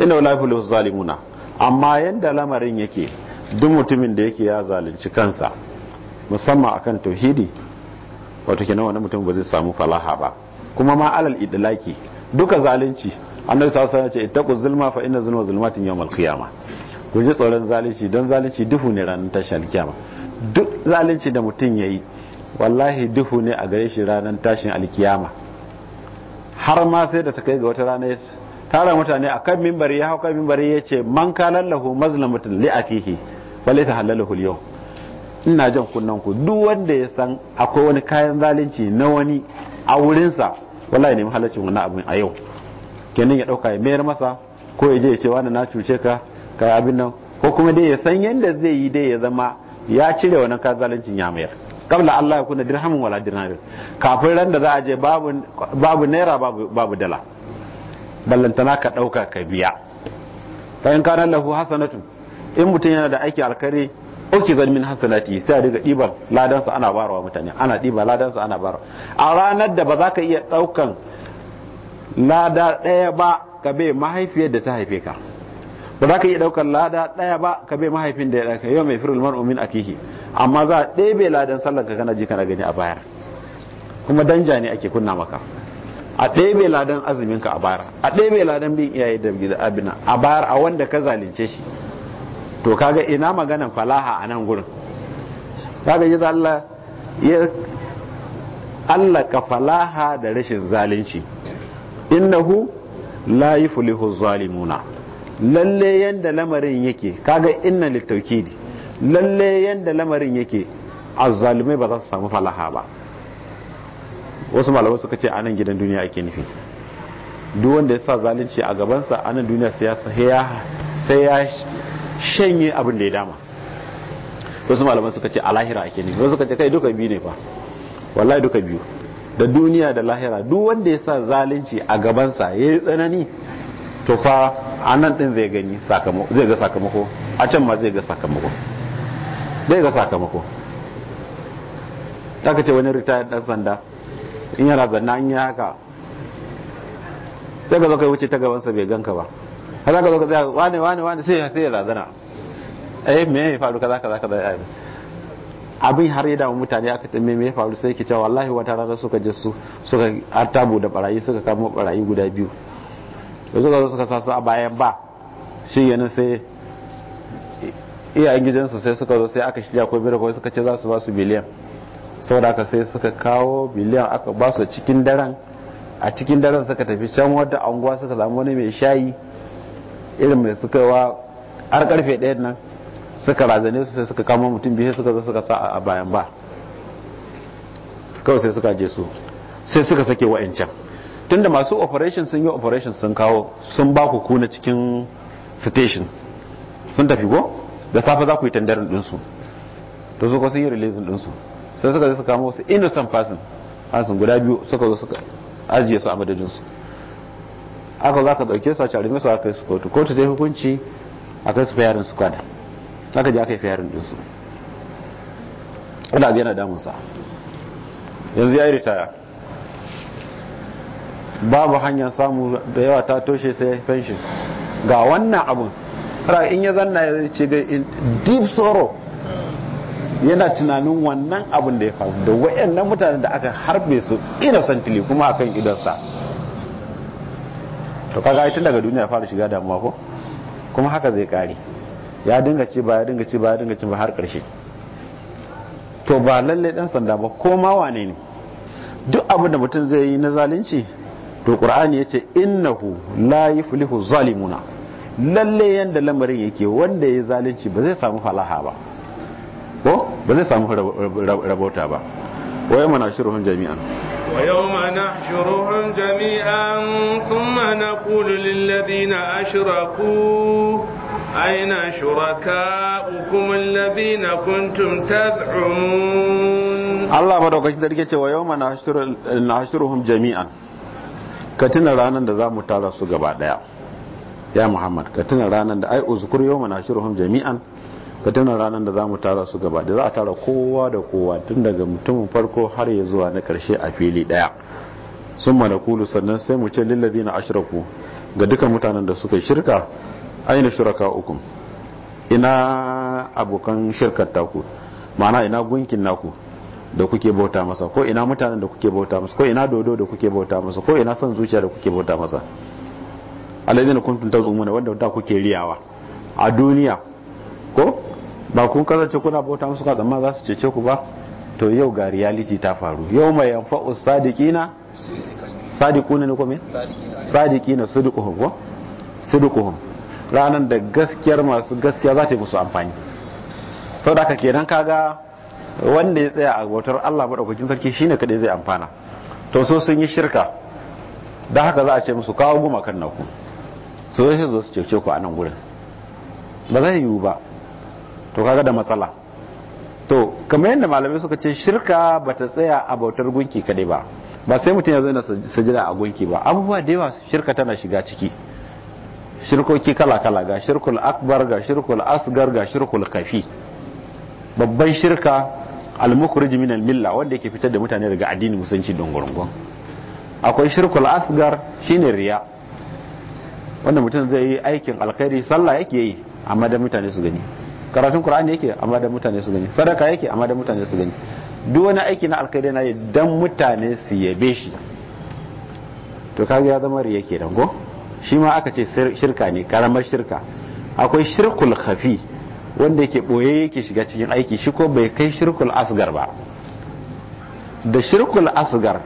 inna la yuflihu zalimuna amma yanda lamarin yake duk mutumin da yake ya zalunci kansa musamman akan tauhidi wato kenan wani mutum ba zai samu falaha ba kuma ma alal idlaki duka zalunci annabi sallallahu alaihi wasallam ya ce ittaqu zulma fa inna zulma zulmatun yawmal qiyama ku ji tsoron zalunci don zalunci duhu ne ranar tashin alkiyama duk zalunci da mutum yayi wallahi duhu ne a gare shi ranar tashin alkiyama har ma sai da ta kai ga wata rana tara mutane a kan mimbari ya hau kan mimbari ya ce man kalan lahu mazlamatin li akihi wale ta halalahu yau ina jan kunnan ku duk wanda ya san akwai wani kayan zalunci na wani a wurinsa wallahi ne mahalacin wani abin a yau kenan ya dauka ya mayar masa ko ya je ya ce wani na cuce ka ka abin nan ko kuma dai ya san yadda zai yi dai ya zama ya cire wannan kazaluncin ya mayar kabla Allah ya kuna dirhamin wala dirhamin kafin ran da za a je babu naira babu dala ballantana ka dauka ka biya fa in kana lahu hasanatu in mutum yana da aiki alkhairi uki zan min hasanati sai a diga diban ladansa ana barawa mutane ana diba ladansa ana barawa a ranar da ba za ka iya daukan lada ɗaya ba ka bai mahaifiyar da ta haife ka ba za ka iya ɗaukar lada ɗaya ba ka bai mahaifin da ya ɗauka yau mai firul mar'u a kihi amma za a ɗebe ladan sallar ka kana ji kana gani a bayar kuma danja ne ake kunna maka a ɗebe ladan azumin ka a bayar a ɗebe ladan bin iyaye da gida abina a bayar a wanda ka zalunce shi to kaga ina maganan falaha a nan gurin kaga yi Allah ya allaka falaha da rashin zalunci innahu la yuflihu zalimuna lalle yanda lamarin yake kaga inna litaukidi lalle yanda lamarin yake azzalimai ba za su samu falaha ba wasu malamai suka ce anan gidan duniya ake nufi duk wanda ya sa zalunci a gabansa anan duniya sai ya shanye abin da ya dama wasu malamai suka ce a lahira ake nufi wasu suka ce kai duka biyu ne fa wallahi duka biyu da duniya da lahira duk wanda ya sa zalunci a gabansa ya yi tsanani to fa a nan ɗin zai gani zai ga sakamako a can ma zai ga sakamako zai ga sakamako ta ce wani ritaya ɗan sanda in yana zanna an yi haka sai ga zaka wuce ta gabansa bai ganka ba har zaka zo ka zai wane wane wane sai ya zazana. eh me ya faru kaza kaza kaza ya yi abin har ya damu mutane aka tambaye me ya faru sai ke cewa wallahi wata rana suka je su suka artabu da barayi suka kama barayi guda biyu da suka zo suka sa su a bayan ba shi yana sai iyayen gidansu sai suka zo sai aka shirya ko bira kawai suka ce za su ba su biliyan saboda aka sai suka kawo biliyan aka ba su cikin daren a cikin daren suka tafi can wadda anguwa suka samu wani mai shayi irin mai suka wa har karfe ɗaya nan suka razane su sai suka kama mutum biyu suka zo suka sa a bayan ba kawai sai suka je su sai suka sake wa'ancan tunda masu operation sun yi operation sun kawo sun ba ku kuna cikin station sun tafi go da safe za ku yi tandarin dinsu to su ko sun yi releasing dinsu sai suka zai suka kama wasu innocent person sun guda biyu suka zo suka ajiye su a madadinsu aka za ka dauke su a carime su aka yi su kotu kotu ta yi hukunci a kai su fayarin squad haka ji aka yi fiyarin ɗinsu wadda abu yana damunsa yanzu ya yi ritaya babu hanyar samu da yawa ta toshe sai fenshin ga wannan abin in ya zanna ya ce in deep sorrow yana tunanin wannan abin da ya faru da wayannan mutanen da aka harbe su innocently kuma akan idansa to kaga tun daga duniya fara shiga damuwa ko kuma haka zai kare ya dinga ci, ba ya dinga ci, ba ya dinga ci ba har karshe to ba lalle dan sanda ba ko ma wane ne duk abu da mutum zai yi na zalunci to qur'ani yace innahu la yuflihu zalimuna lalle yanda lamarin yake wanda ya zalunci ba zai samu falaha ba ko ba zai samu rabota ba wa yawma nashruhum jami'an wa yawma nahshuruhum jami'an thumma naqulu lil ladina ashraku أين شركاؤكم الذين كنتم تزعمون الله مدوكاش درجة ويوم نحشرهم جميعا كتنا رانا ذا Ka tuna ranar يا محمد كتنا رانا su gaba يوم نحشرهم جميعا ka tuna ranar da za mu tara su gaba da za a tara kowa da kowa tun daga mutumin farko har ya zuwa na karshe a fili daya sun malakulu sannan sai mu ce lillazi na ashiraku ga duka mutanen da suka shirka aina shuraka uku ina abokan shirkar taku ma'ana ina gunkin naku da kuke bauta masa ko ina mutanen da kuke bauta masa ko ina dodo da kuke bauta masa ko ina son zuciya da kuke bauta masa kuntun ta zumuna wanda ta kuke riyawa a duniya ko ba kun kasance kuna bauta masa ka zama za su cece ku ba to yau ga reality ta faru yau mai yamfa sadiqina sadiquna ne ko me sadiqina sadiquhum ko sadiquhum ranar da gaskiyar masu gaskiya za ta yi musu amfani sau da aka kenan kaga wanda ya tsaya a bautar Allah maɗaukacin sarki shine kaɗai zai amfana to so sun yi shirka da haka za a ce musu kawo goma kan naku su zai zo su cece ku a nan gurin ba zai yiwu ba to kaga da matsala to kamar yadda malamai suka ce shirka ba ta tsaya a bautar gunki kaɗai ba ba sai mutum ya zo yana sajida a gunki ba abubuwa da yawa shirka tana shiga ciki shirkoki kala-kala ga shirkul akbar ga shirkul asgar ga shirkul kafi babban shirka al-mukhrij min al-milla wanda yake fitar da mutane daga addini musulunci dongorgon akwai shirkul asgar shine riya wanda mutum zai yi aikin alkhairi sallah yake yi amma da mutane su gani karatun qur'ani yake amma da mutane su gani sadaka yake amma da mutane su gani duk wani aiki na alkhairi na dan mutane su yabe shi to kaga ya zama riya kenan ko shi ma aka ce shirka ne karamar shirka akwai shirkul khafi wanda yake boye yake shiga cikin aiki shi ko bai kai shirkul asgar ba da shirkul asgar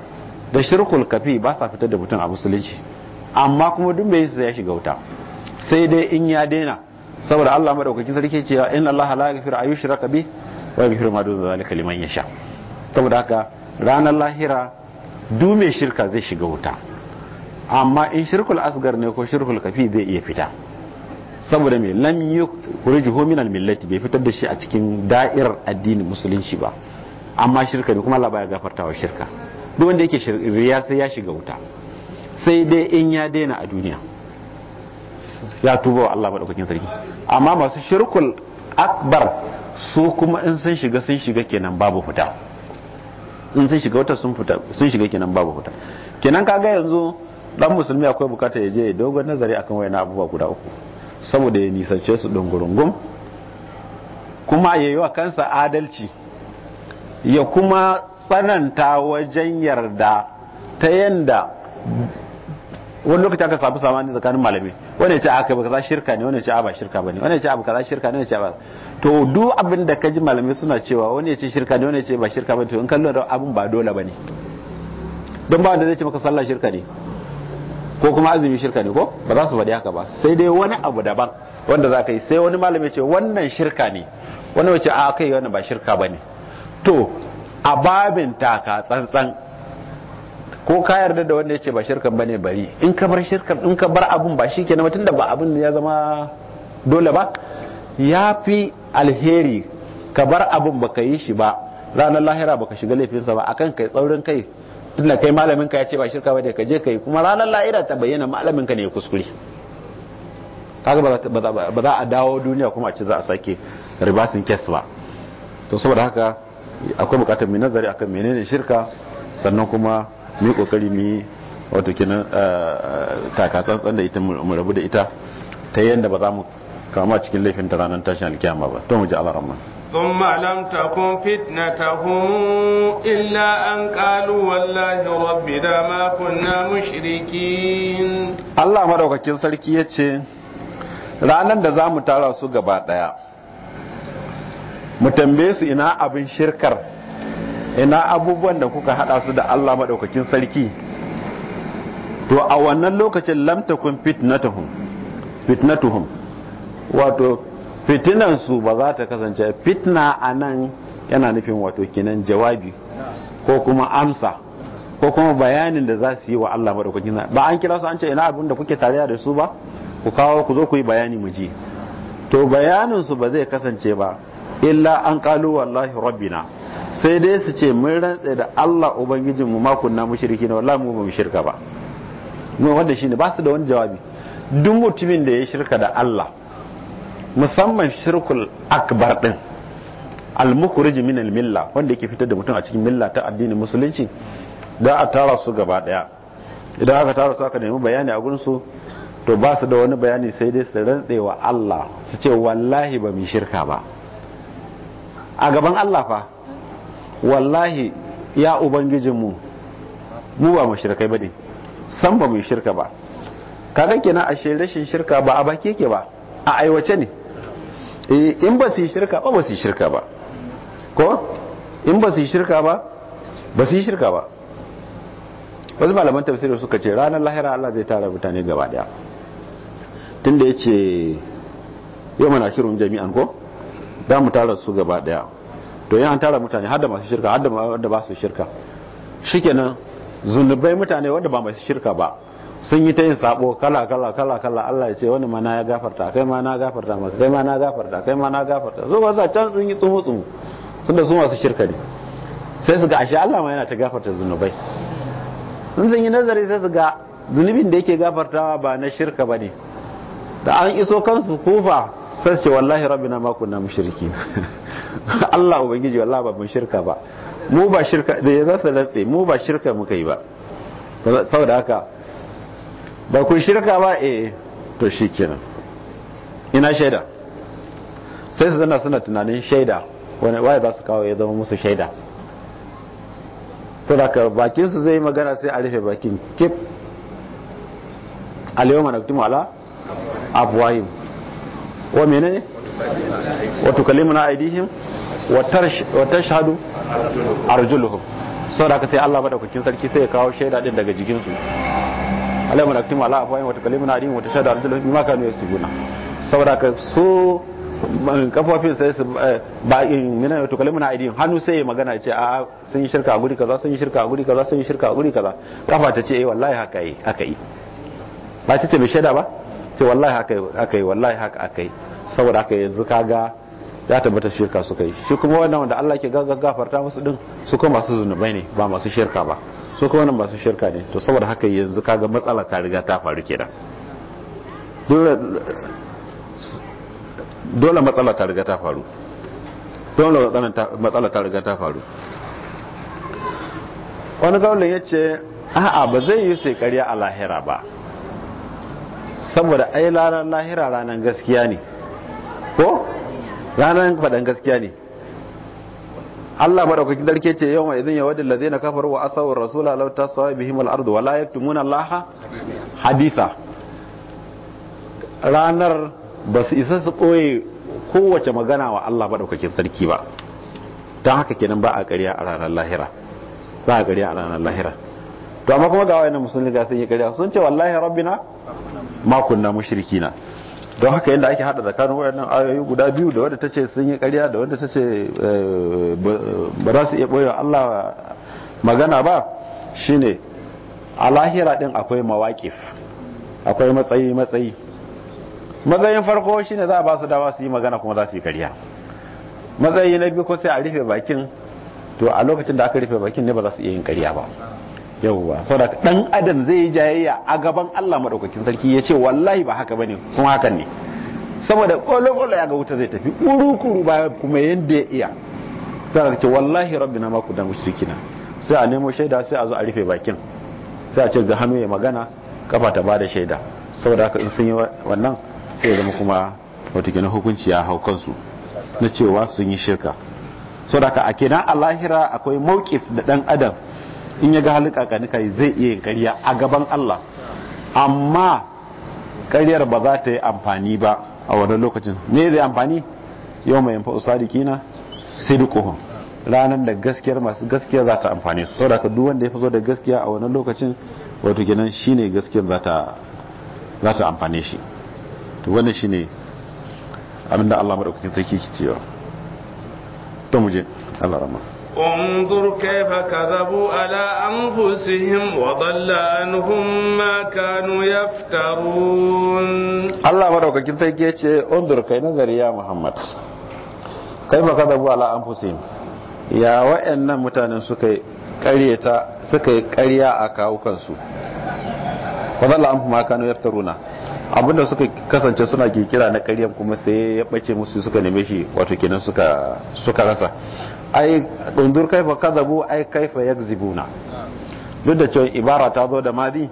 da shirkul kafi ba sa fitar da mutum a musulunci amma kuma duk mai ya shiga wuta sai dai in ya daina saboda Allah madaukakin sarki ce in Allah la yaghfiru an yushraka bi wa yaghfiru ma dun zalika liman yasha saboda haka ranar lahira dume mai shirka zai shiga wuta amma in shirkul asgar ne ko shirkul kafi zai iya fita saboda me lam yi kuri al-millati bai fitar da shi a cikin da'irar addinin musulunci ba amma shirka ne kuma Allah baya gafartawa shirka duk wanda yake riya sai ya shiga wuta sai dai in ya daina a duniya ya tuba wa Allah madaukakin sarki amma masu shirkul akbar su kuma in sun shiga sun shiga kenan babu fita in sun shiga wuta sun fita sun shiga kenan babu fita kenan kaga yanzu dan musulmi akwai bukata ya je dogon nazari akan wayan abubuwa guda uku saboda ya nisance su dungurungun kuma ya yi wa kansa adalci ya kuma tsananta wajen yarda ta yanda wani lokaci aka sami samani tsakanin malami wani ce aka baka za shirka ne wani ce ba shirka bane wani ce baka za shirka ne wani ce ba to duk abin da kaji malami suna cewa wani ya ce shirka ne wani ce ba shirka bane to in kallon abin ba dole bane don ba wanda zai ce maka sallah shirka ne ko kuma azumi shirka ne ko ba za su faɗi haka ba sai dai wani abu daban wanda za ka yi sai wani malami ce wannan shirka ne wani wace a kai wannan ba shirka ba ne to a babin taka tsantsan ko ka yarda da wanda ya ce ba shirkan ba ne bari in ka bar shirkan in ka bar abun ba shi na mutum da ba abun ya zama dole ba ya fi alheri ka bar abun ba ka yi shi ba ranar lahira ba ka shiga laifinsa ba akan kai tsaurin kai tunda kai malamin ka ya ce ba shirka ba da ka je kai kuma ranar la'ira ta bayyana malamin ka ne kuskure kaga ba za a dawo duniya kuma a ce za a sake ribasin kes ba to saboda haka akwai bukatar mai nazari akan menene shirka sannan kuma mai kokari mai wato kenan eh, eh, taka tsantsan da ita mu rabu da ita ta yanda ba za mu kama cikin laifin ta ranar tashin alkiyama ba to mu ji Allah rahman ثم لم تكن فتنتهم إلا أن قالوا والله ربنا ما كنا مشركين الله مدوكا كين سركي يتشي ranar da za mu tara su gaba ɗaya mu tambaye su ina abin shirkar ina abubuwan da kuka hada su da Allah maɗaukakin sarki to a wannan lokacin lamtakun fitnatuhum fitnatuhum wato fitinansu ba za ta kasance fitna a nan yana nufin wato kenan jawabi ko kuma amsa ko kuma bayanin da za su yi wa Allah madaukakin ba an kira su an ce ina abin da kuke tare da su ba ku kawo ku zo ku yi bayani mu ji to bayanin su ba zai kasance ba illa an kalu wallahi rabbina sai dai su ce mun rantse da Allah ubangijin mu makun na mushriki ne wallahi mu ba mu shirka ba mu wanda shine ba su da wani jawabi duk mutumin da ya shirka da Allah musamman shirkul akbar din al-mukhrij min al-milla wanda yake fitar da mutum a cikin milla ta addinin musulunci da a tara su gaba daya idan aka tara su aka nemi bayani a gurin su to ba su da wani bayani sai dai su rantse wa Allah su ce wallahi ba mu shirka ba a gaban Allah fa wallahi ya ubangijin mu ba mu shirkai bane san ba mu shirka ba kaga kenan a rashin shirka ba a baki yake ba a aiwace ne Eh, in ba su yi shirka ba ba su yi shirka ba ko in ba su yi shirka ba ba su yi shirka ba wasu malaman tafsirin suka ce ranar lahira Allah zai tara mutane gaba daya tunda yace yau mana shirin jami'an ko za mu tara su gaba daya to an tara mutane har da masu shirka har da ba su shirka shikenan zunubai mutane wanda ba masu shirka ba sun yi ta yin sabo kala kala kala kala Allah ya ce wani ma na ya gafarta kai ma na gafarta masu kai ma na gafarta kai ma na gafarta so ba can sun yi tsumu tsumu da su masu shirka ne sai su ga ashe Allah ma yana ta gafarta zunubai sun sun yi nazari sai su ga zunubin da yake gafartawa ba na shirka ba ne da an iso kansu kufa sai ce wallahi rabbina ma kunna mushriki <laughs> Allah ubangiji wallahi ba mun shirka ba mu ba shirka da ya zasa latse mu ba shirka muka yi ba saboda haka ba ku shirka ba eh to shi kenan ina shaida sai su zana suna tunanin shaida wani waye za su kawo ya zama musu shaida ka bakin su zai magana sai a rufe bakin kip alyawma naktumu ala afwahim wa menene wa tukallimuna aydihim wa sau da aka sai Allah kukin sarki sai ya kawo shaida din daga jikinsu. alamar aktim ala afwahin wata kalimuna adin wata shaɗa arjula ne su guna saboda ka so kafofin sai su eh, ba in mina wata kalimuna adin hannu sai ya magana ce a sun yi shirka a guri kaza sun yi shirka a guri kaza sun yi shirka a guri kaza kafa ta ce eh wallahi haka yi haka yi ba ta ce mai shaida ba ce wallahi haka yi haka yi wallahi haka aka yi saboda haka yanzu kaga ya tabbata shirka suka yi shi kuma wannan wanda Allah ke gaggafarta musu din su kuma masu zunubai ne ba masu shirka ba su kuma wannan masu shirka ne to saboda haka yanzu kaga matsala ta riga ta faru kenan dole matsala ta riga ta faru dole matsala ta riga ta faru wani gaunin ya ce a'a ba zai yi sai karya a lahira ba saboda ai lahira ranar gaskiya ne ko ranar faɗan gaskiya ne Allah madaukakin darke ce yau idan ya wadda lazina kafar wa asawar rasula lau ta sawa bihim al'ardu wa la yaktumuna Allah haditha ranar ba su isa su koye kowace magana wa Allah madaukakin sarki ba Ta haka kenan ba a ƙarya a ranar lahira ba a ƙarya a ranar lahira to amma kuma ga wayannan musulmi ga sun yi ƙarya sun ce wallahi rabbina ma kunna mushrikina don haka yadda ake hada tsakanin wayannan ayoyi guda biyu da wadda ce sun yi karya da wadda ce eh, ba za su iya boye Allah magana ba shine a lahira din akwai mawakif akwai matsayi matsayi matsayin farko shi ne za a ba su dawa su yi magana kuma za su yi karya matsayi na biyu ko sai a rufe bakin to a lokacin da aka rufe bakin ne ba za su iya yin karya ba yawwa saboda dan adam zai yi jayayya a gaban Allah madaukakin sarki ya ce wallahi ba haka bane kuma hakan ne saboda kwallo-kwallo ya ga wuta zai tafi kuru-kuru ba kuma yadda ya iya Sai a ce wallahi rabbina ma ku dan mushrikina sai a nemo shaida sai a zo a rufe bakin sai a ce ga hannu ya magana kafa ta bada shaida saboda haka in sun yi wannan sai ya zama kuma watakila hukunci ya hau kansu na cewa sun yi shirka saboda haka a kenan a lahira akwai mawkif da dan adam in ya ga ka nika zai iya karya a gaban Allah amma karyar ba za ta yi amfani ba a wannan lokacin ne zai amfani yau mai yamfa usadikina sidquhum ranar da gaskiyar masu gaskiya za ta amfani su saboda duk wanda ya fito da gaskiya a wannan lokacin wato kenan shine gaskiyar za ta za ta amfane shi to wannan shine abinda Allah madaukakin sarki ke cewa to muje Allah انظر كيف كذبوا على أنفسهم وضل عنهم ما كانوا يفترون الله مروك كنت انظر كي نظر يا محمد كيف كذبوا على أنفسهم يا وإن متان سكي كريتا سكي yi ƙarya a kawo kansu wadanda an kuma kanu ya suka kasance suna kirkira na ƙaryan kuma sai ya ɓace musu suka neme shi wato kenan suka rasa ai dundur kaifa kadabu ai kaifa yakzibuna duk da cewa ibara ta zo da madi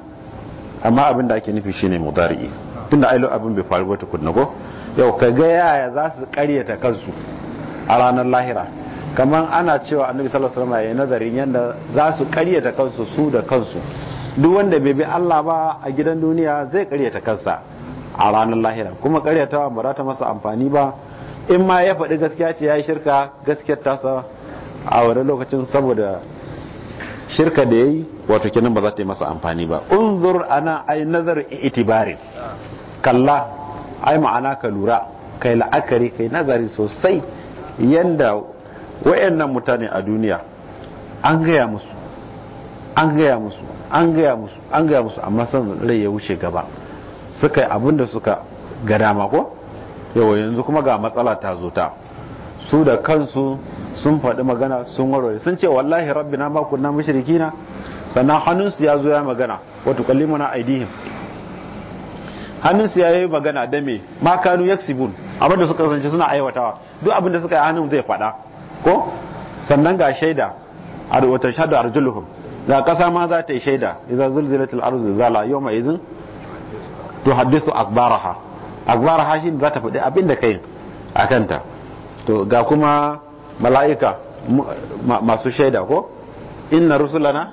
amma abin da ake nufi shine mudari tunda ai abin bai faru ba tukunna go, yau ka ga yaya za su karyata kansu a ranar lahira kamar ana cewa annabi sallallahu alaihi wasallam ya nazarin yanda za su karyata kansu su da kansu duk wanda bai bi Allah ba a gidan duniya zai karyata kansa a ranar lahira kuma karyatawa ba za ta masa amfani ba in ma ya faɗi gaskiya ce ya yi shirka gaskiyar tasa a wani lokacin saboda shirka da ya yi wato kenan ba za ta yi masa amfani ba unzur ana ai nazar itibari kalla ai ma'ana ka lura kai la'akari kai nazari sosai yanda wayannan mutane a duniya an gaya musu an gaya musu an gaya musu an gaya musu amma san rai ya wuce gaba suka yi abin da suka ga dama ko yawa yanzu kuma ga matsala ta zo ta su da kansu sun faɗi magana sun warware sun ce wallahi rabbi na ma kunna mushrikina sannan hannunsu ya zo ya magana wato na aidihim hannunsu ya yi magana da me ma kanu yaksibun abin da suka zance suna aiwatawa duk abinda suka yi hannun zai faɗa ko sannan ga shaida a wata shaɗu arjuluhum da ƙasa ma za ta yi shaida idza zulzilatil ardu zala yawma idhin tuhaddithu akbaraha akbar hashin za ta faɗi abinda kai a kanta to ga kuma mala'ika masu shaida ko inna rusulana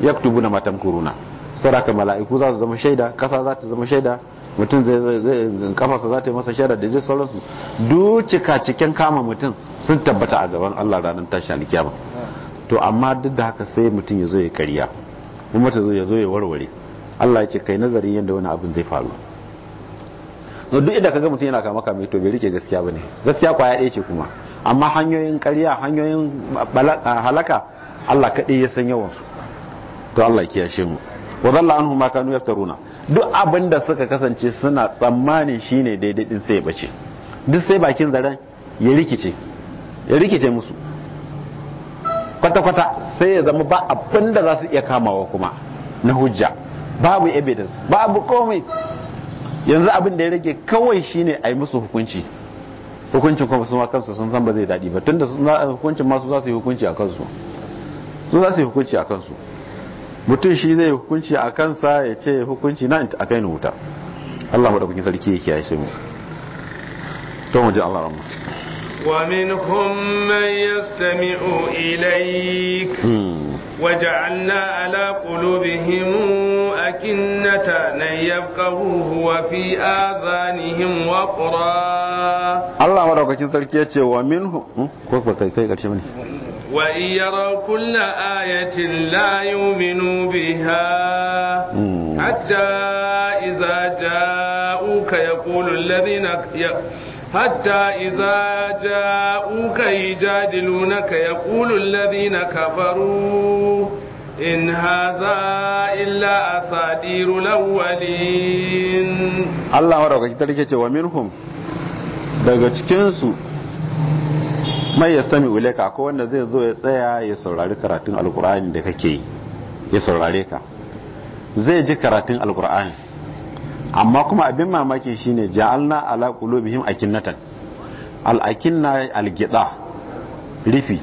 na ma tamkuruna saraka mala'iku za su zama shaida kasa za ta zama shaida mutum zai kafasa za ta yi masa shaida da sauransu ducika cikin kama mutum sun tabbata a gaban Allah ranar tashi alkiyama to amma duk da haka sai mutum ya zo ya karya kuma ta zo ya zo ya warware Allah ya ce kai nazari yadda wani abin zai faru no duk inda kaga mutum yana kama kame to bai rike gaskiya bane gaskiya kwaya ɗaya ce kuma amma hanyoyin ƙarya hanyoyin halaka Allah kaɗai ya san yawan su to Allah ya kiyashe mu wa zalla anhum ma kanu yaftaruna duk abinda suka kasance suna tsammani shine daidai din sai ya bace duk sai bakin zaren ya rikice ya rikice musu kwata-kwata sai ya zama ba abin da za su iya kamawa kuma na hujja babu evidence babu komai yanzu abin da ya rage kawai shine a yi musu hukunci hukuncin kuma su ma kansu sun san ba zai daɗi ba tunda hukuncin masu za su yi hukunci a kansu su za su yi hukunci a kansu mutum shi zai hukunci a kansa ya ce hukunci na a kai ni wuta Allah madaukakin sarki yake ya shi mu to mu ji Allah ومنهم من يستمع إليك وجعلنا على قلوبهم أكنة أن يبقوه وفي آذانهم وقرا الله ورحمة الله ومنهم وإن يروا كل آية لا يؤمنوا بها حتى إذا جاءوك يقول الذين حتى إذا جاءوك يجادلونك يقول الذين كفروا إن هذا إلا أساطير الأولين الله ورغك تلك ومنهم daga cikinsu mai ya sami uleka ko wanda zai zo ya tsaya ya saurari karatun alkur'ani da kake yi ya saurare ka zai ji karatun alkur'ani amma kuma abin mamaki shine ja'alna ala qulubihim akinnatan al akinna al gida rifi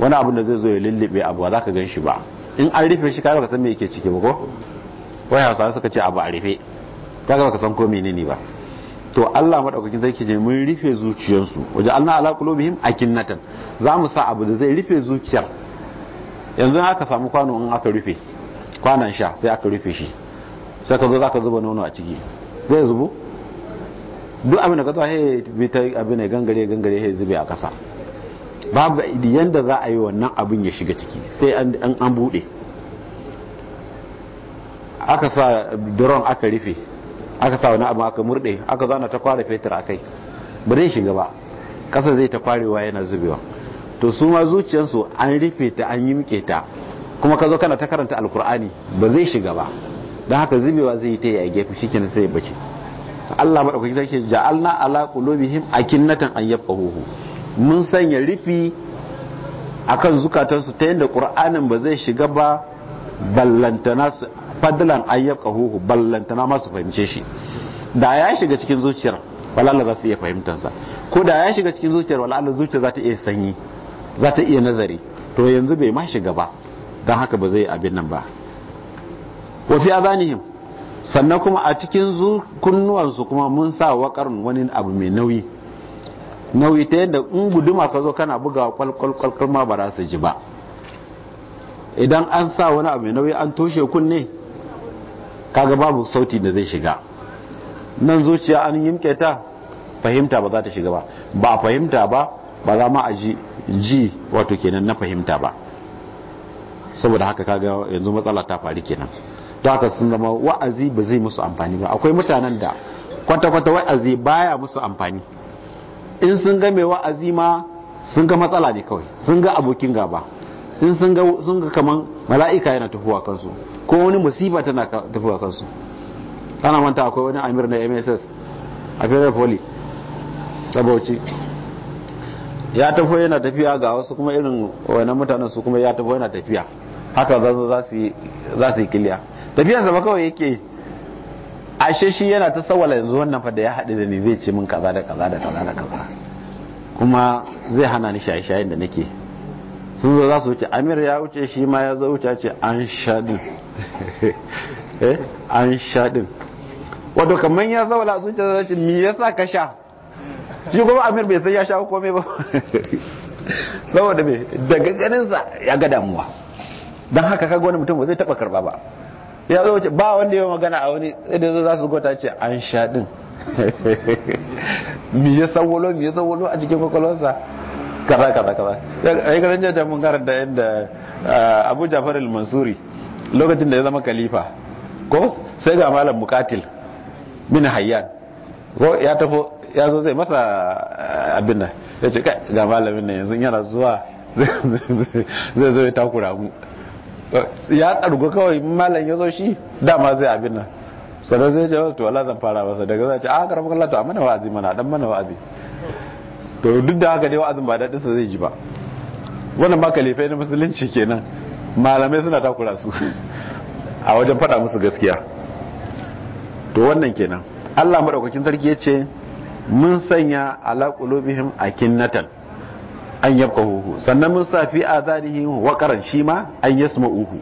wani abu da zai zo ya lullube abu ba za ka gan shi ba in an rufe shi kai ka san me yake ciki ba ko wai hausawa suka ce abu a rufe kaga ka san ko menene ba to Allah madaukakin sarki je mun rufe zuciyarsu waje Allah ala qulubihim akinnatan za mu sa abu da zai rufe zuciyar yanzu haka samu kwano in aka rufe kwanan sha sai aka rufe shi sai ka zo za ka zuba nono a ciki zai zubu duk abin da ka zuwa ya bi ta abin da gangare gangare ya zube a kasa babu yadda za a yi wannan abin ya shiga ciki sai an an aka sa drone aka rufe aka sa wani abin aka murde aka zana ta kware fetur a kai ba zai shiga ba kasa zai ta kwarewa yana zubewa to su ma zuciyarsu an rufe ta an yi muke ta kuma ka zo kana ta karanta alkur'ani ba zai shiga ba don haka zubewa zai yi ta yi a gefe shikenan sai ya bace Allah madaukaki sarki ja'alna ala qulubihim akinnatan an yafqahuhu mun sanya rufi akan su ta yanda qur'anin ba zai shiga ba ballantana su fadlan an yafqahuhu ballantana ma su fahimce shi da ya shiga cikin zuciyar wallahi ba su iya fahimtansa ko da ya shiga cikin zuciyar wallahi zuciya za ta iya sanyi za ta iya nazari to yanzu bai ma shiga ba don haka ba zai abin nan ba wa fi azanihim sannan kuma a cikin kunnuwansu kuma mun sa wakar wani abu mai nauyi nauyi ta yadda in guduma ka zo kana buga kwalkwalkwalkwal ma ba za su ji ba idan an sa wani abu mai nauyi an toshe kunne kaga babu sauti da zai shiga nan zuciya an yimke ta fahimta ba za ta shiga ba ba fahimta ba ba za ma a ji ji wato kenan na fahimta ba saboda haka kaga yanzu matsala ta faru kenan don haka sun zama wa'azi ba zai musu amfani ba akwai mutanen da kwata-kwata wa'azi baya musu amfani in sun ga mai wa'azi ma sun ga matsala ne kawai sun ga abokin gaba in sun ga sun kaman mala'ika yana tafiwa kansu ko wani musiba tana tafiwa kansu ana manta akwai wani amir na MSS a fere foli sabauci ya tafi yana tafiya ga wasu kuma irin wani mutanen su kuma ya tafi yana tafiya haka za su yi kiliya tafiyan sa kawai yake ashe shi yana ta sawala yanzu wannan fa da ya haɗu da ni zai ce min kaza da kaza da kaza da kaza kuma zai hana ni shaye-shayen da nake sun zo za su wuce amir ya wuce shi ma ya zo wuce ce an shaɗin <laughs> eh, an shaɗin wato kamar ya zaula a zuciya zai ce mi ya sa ka sha shi kuma amir bai san ya sha komai ba <laughs> saboda mai daga ganinsa ya ga damuwa don haka kaga wani mutum ba zai taɓa karɓa ba ya zo wuce ba wanda ya magana a wani sai da zo za su gota ce an sha din <laughs> mi ya sawolo mi ya sawolo a cikin kwakwalwarsa kaza kaza kaza ai kasan jamun mun da yadda uh, abu jafar al-mansuri lokacin da ya zama khalifa ko sai ga malam mukatil bin hayyan ko ya tafo ya zo zai masa uh, abin nan ya ce ga malamin nan yanzu yana zuwa <laughs> zai zo ya takura mu ya kargo kawai malam ya zo shi dama zai abin nan sannan zai jawo oh, to wala zan fara masa daga zai ce a ah, karfa kallon to a mana wa'azi mana dan mana wa'azi to duk da haka dai wa'azin ba daɗin sa zai ji ba wannan ba kalifai na musulunci kenan malamai suna takura su <laughs> a wajen faɗa musu gaskiya to wannan kenan Allah maɗaukakin sarki ya ce mun sanya ala a kinnatan an yabka huhu sannan mun sa fi azanihi wa karan shi ma an yasma uhu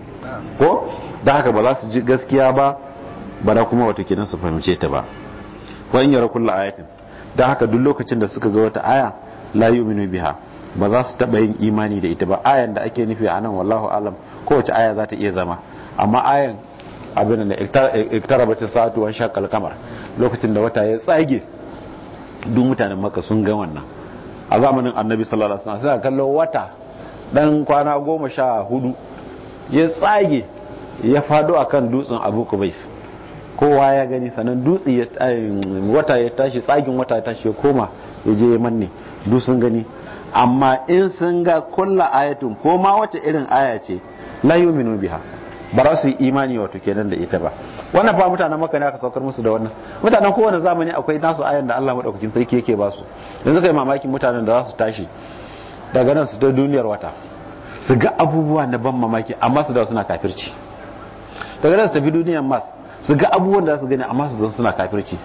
ko da haka ba za su ji gaskiya ba ba kuma wata kenan su fahimce ta ba wa in yara kullu ayatin da haka duk lokacin da suka ga wata aya la yu'minu biha ba za su taba yin imani da ita ba ayan da ake nufi anan wallahu alam kowace aya za ta iya zama amma ayan abin da iktarabatin sa'atu wa shaqal kamar lokacin da wata ya tsage duk mutanen maka sun ga wannan a zamanin annabi sallallahu alaihi wasallam sai wata dan kwana goma sha hudu ya tsage ya fado akan dutsen abu kubais kowa ya gani sannan dutse ya wata ya tashi tsagin wata ya tashi ya koma ya je ya manne dutsen gani amma in sun ga kulla ayatun ko ma irin aya ce la yu'minu biha ba za su imani wato kenan da ita ba wannan fa mutanen maka ne aka saukar musu da wannan mutanen kowane zamani akwai nasu ayan da Allah madaukakin sarki yake ba su yanzu kai mamakin mutanen da za su tashi daga nan su ta duniyar wata su ga abubuwa na ban mamaki amma su da suna kafirci daga nan su tafi duniyar mas su ga abubuwan da su gani amma su zan suna kafirci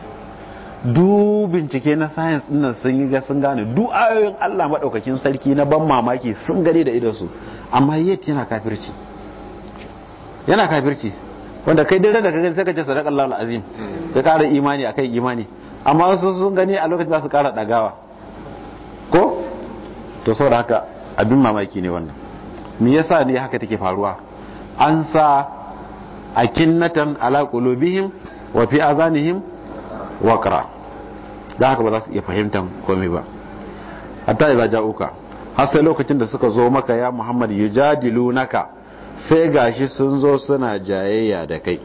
du bincike na science din nan sun ga sun gane du ayoyin Allah madaukakin sarki na ban mamaki sun gani da idansu amma yet yana kafirci yana kafirci wanda kai duk da ka gani sai ka ce sadaqallahu alazim hmm. ka kara imani kai imani amma wasu sun gani a lokacin za su kara dagawa. ko to saboda haka abin mamaki ne wannan me yasa ne haka take faruwa an sa akinnatan ala qulubihim wa fi azanihim waqra da haka ba za su iya fahimtar komai ba hatta idza ja'uka har sai lokacin da suka zo maka ya Muhammad yujadilunaka sai gashi sun zo suna jayayya da kai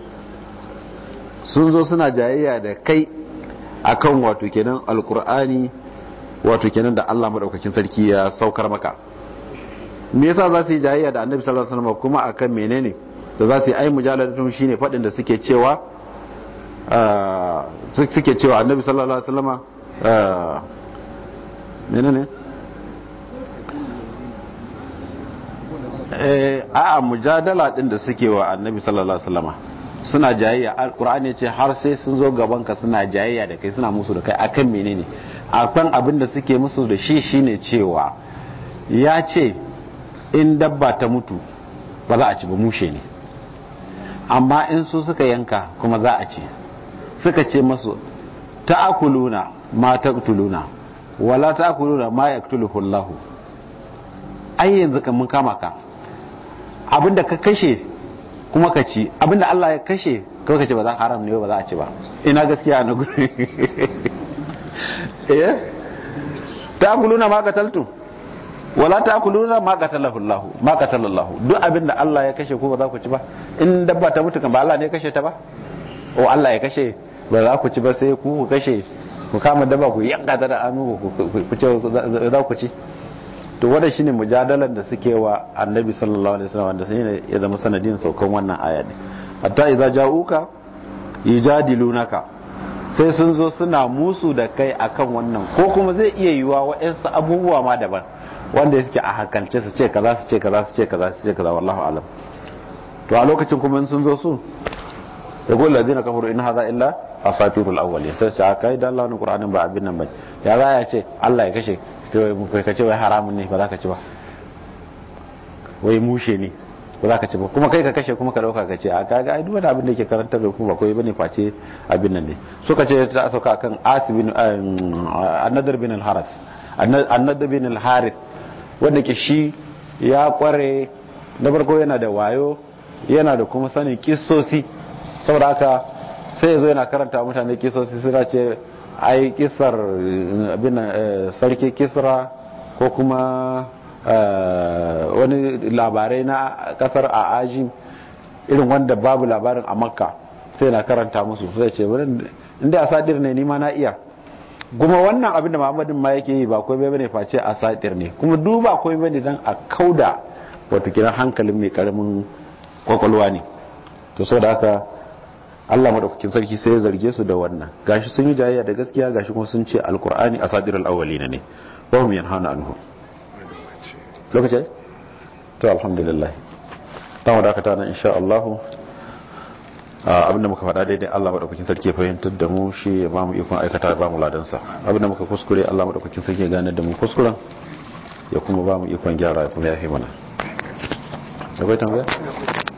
sun zo suna jayayya da kai akan wato kenan alkur'ani wato kenan da Allah madaukakin sarki ya saukar maka me yasa za su yi jayayya da annabi sallallahu alaihi wasallam kuma akan menene da za su yi ai tun shine fadin da suke cewa suke cewa annabi sallallahu alaihi wasallam menene Eh, a'a mujadala din da suke wa annabi sallallahu alaihi wasallam suna jayayya alqur'ani ce har sai sun zo gaban ka suna jayayya da kai suna musu da kai akan menene akan abin da suke musu da shi shine cewa ya ce in dabba ta mutu ba za a ci ba mushe ne amma in su suka yanka kuma za a ci suka ce masu ta'akuluna ma taqtuluna wala ta'akuluna ma yaqtuluhu Allah ai yanzu kan mun kama ka abinda ka kashe kuma ka ci abinda Allah ya kashe kuma ka ci ba za haram ne ba za a ci ba ina gaskiya na guri <laughs> eh ta kuluna ma qataltu wala ta kuluna ma qatalahu Allah ma qatalallahu duk abinda Allah ya kashe ko ba za ku ci ba in dabba ta mutu kan ba Allah ne ya kashe ta ba o Allah ya kashe ba za ku ci ba sai ku kashe ku kama dabba ku yanka ta da anu ku ce za ku ci to shi shine mujadalar da suke wa annabi sallallahu alaihi wasallam wanda shine ya zama sanadin saukan wannan aya ne hatta idza ja'uka yujadilunaka sai sun zo suna musu da kai akan wannan ko kuma zai iya yiwa wa'ansu abubuwa ma daban wanda suke a hakance su ce kaza su ce kaza su ce kaza su ce kaza wallahu alam to a lokacin kuma sun zo su ya yaqul ladina kafaru in hadha illa asatirul awwalin sai su ce kai da Allah wannan qur'anin ba abin nan ba ya za ya ce Allah ya kashe kai ka ce wai haramun ne ba za ka ci ba wai mushe ne ba za ka ci ba kuma kai ka kashe kuma ka dauka ka ce a kaga ai duk abin da ke karantar da kuma ba bane face abin nan ne ka ce ta sauka kan asibin anadar bin um, al-haras anadar bin al-harith wanda ke shi ya kware na farko yana da wayo yana da kuma sanin kissosi saboda haka sai ya zo yana karanta mutane kissosi suna ce ai kisar eh, sarki kisra ko kuma eh, wani labarai na kasar a ajin. irin wanda babu labarin a makka sai na karanta musu sai ce inda asadir ne nima na iya kuma wannan abin da muhammadin ma yake yi ba bai bane face asadir ne kuma duba komai bane dan a kauda wato kiran hankalin mai karamin kwakwalwa ne to saboda haka Allah madaukakin sarki sai ya zarge su da wannan gashi sun yi jayayya da gaskiya gashi kuma sun ce alqur'ani asadirul awwalin ne ba mu yanhana anhu lokaci to alhamdulillah dan wadakata nan insha Allah abinda muka faɗa daidai Allah madaukakin sarki fahimtar da mu shi ya ba mu ikon aikata ba mu sa abinda muka kuskure Allah madaukakin sarki ya gane da mu kuskuren ya kuma ba mu ikon gyara ya kuma ya fi mana akwai tambaya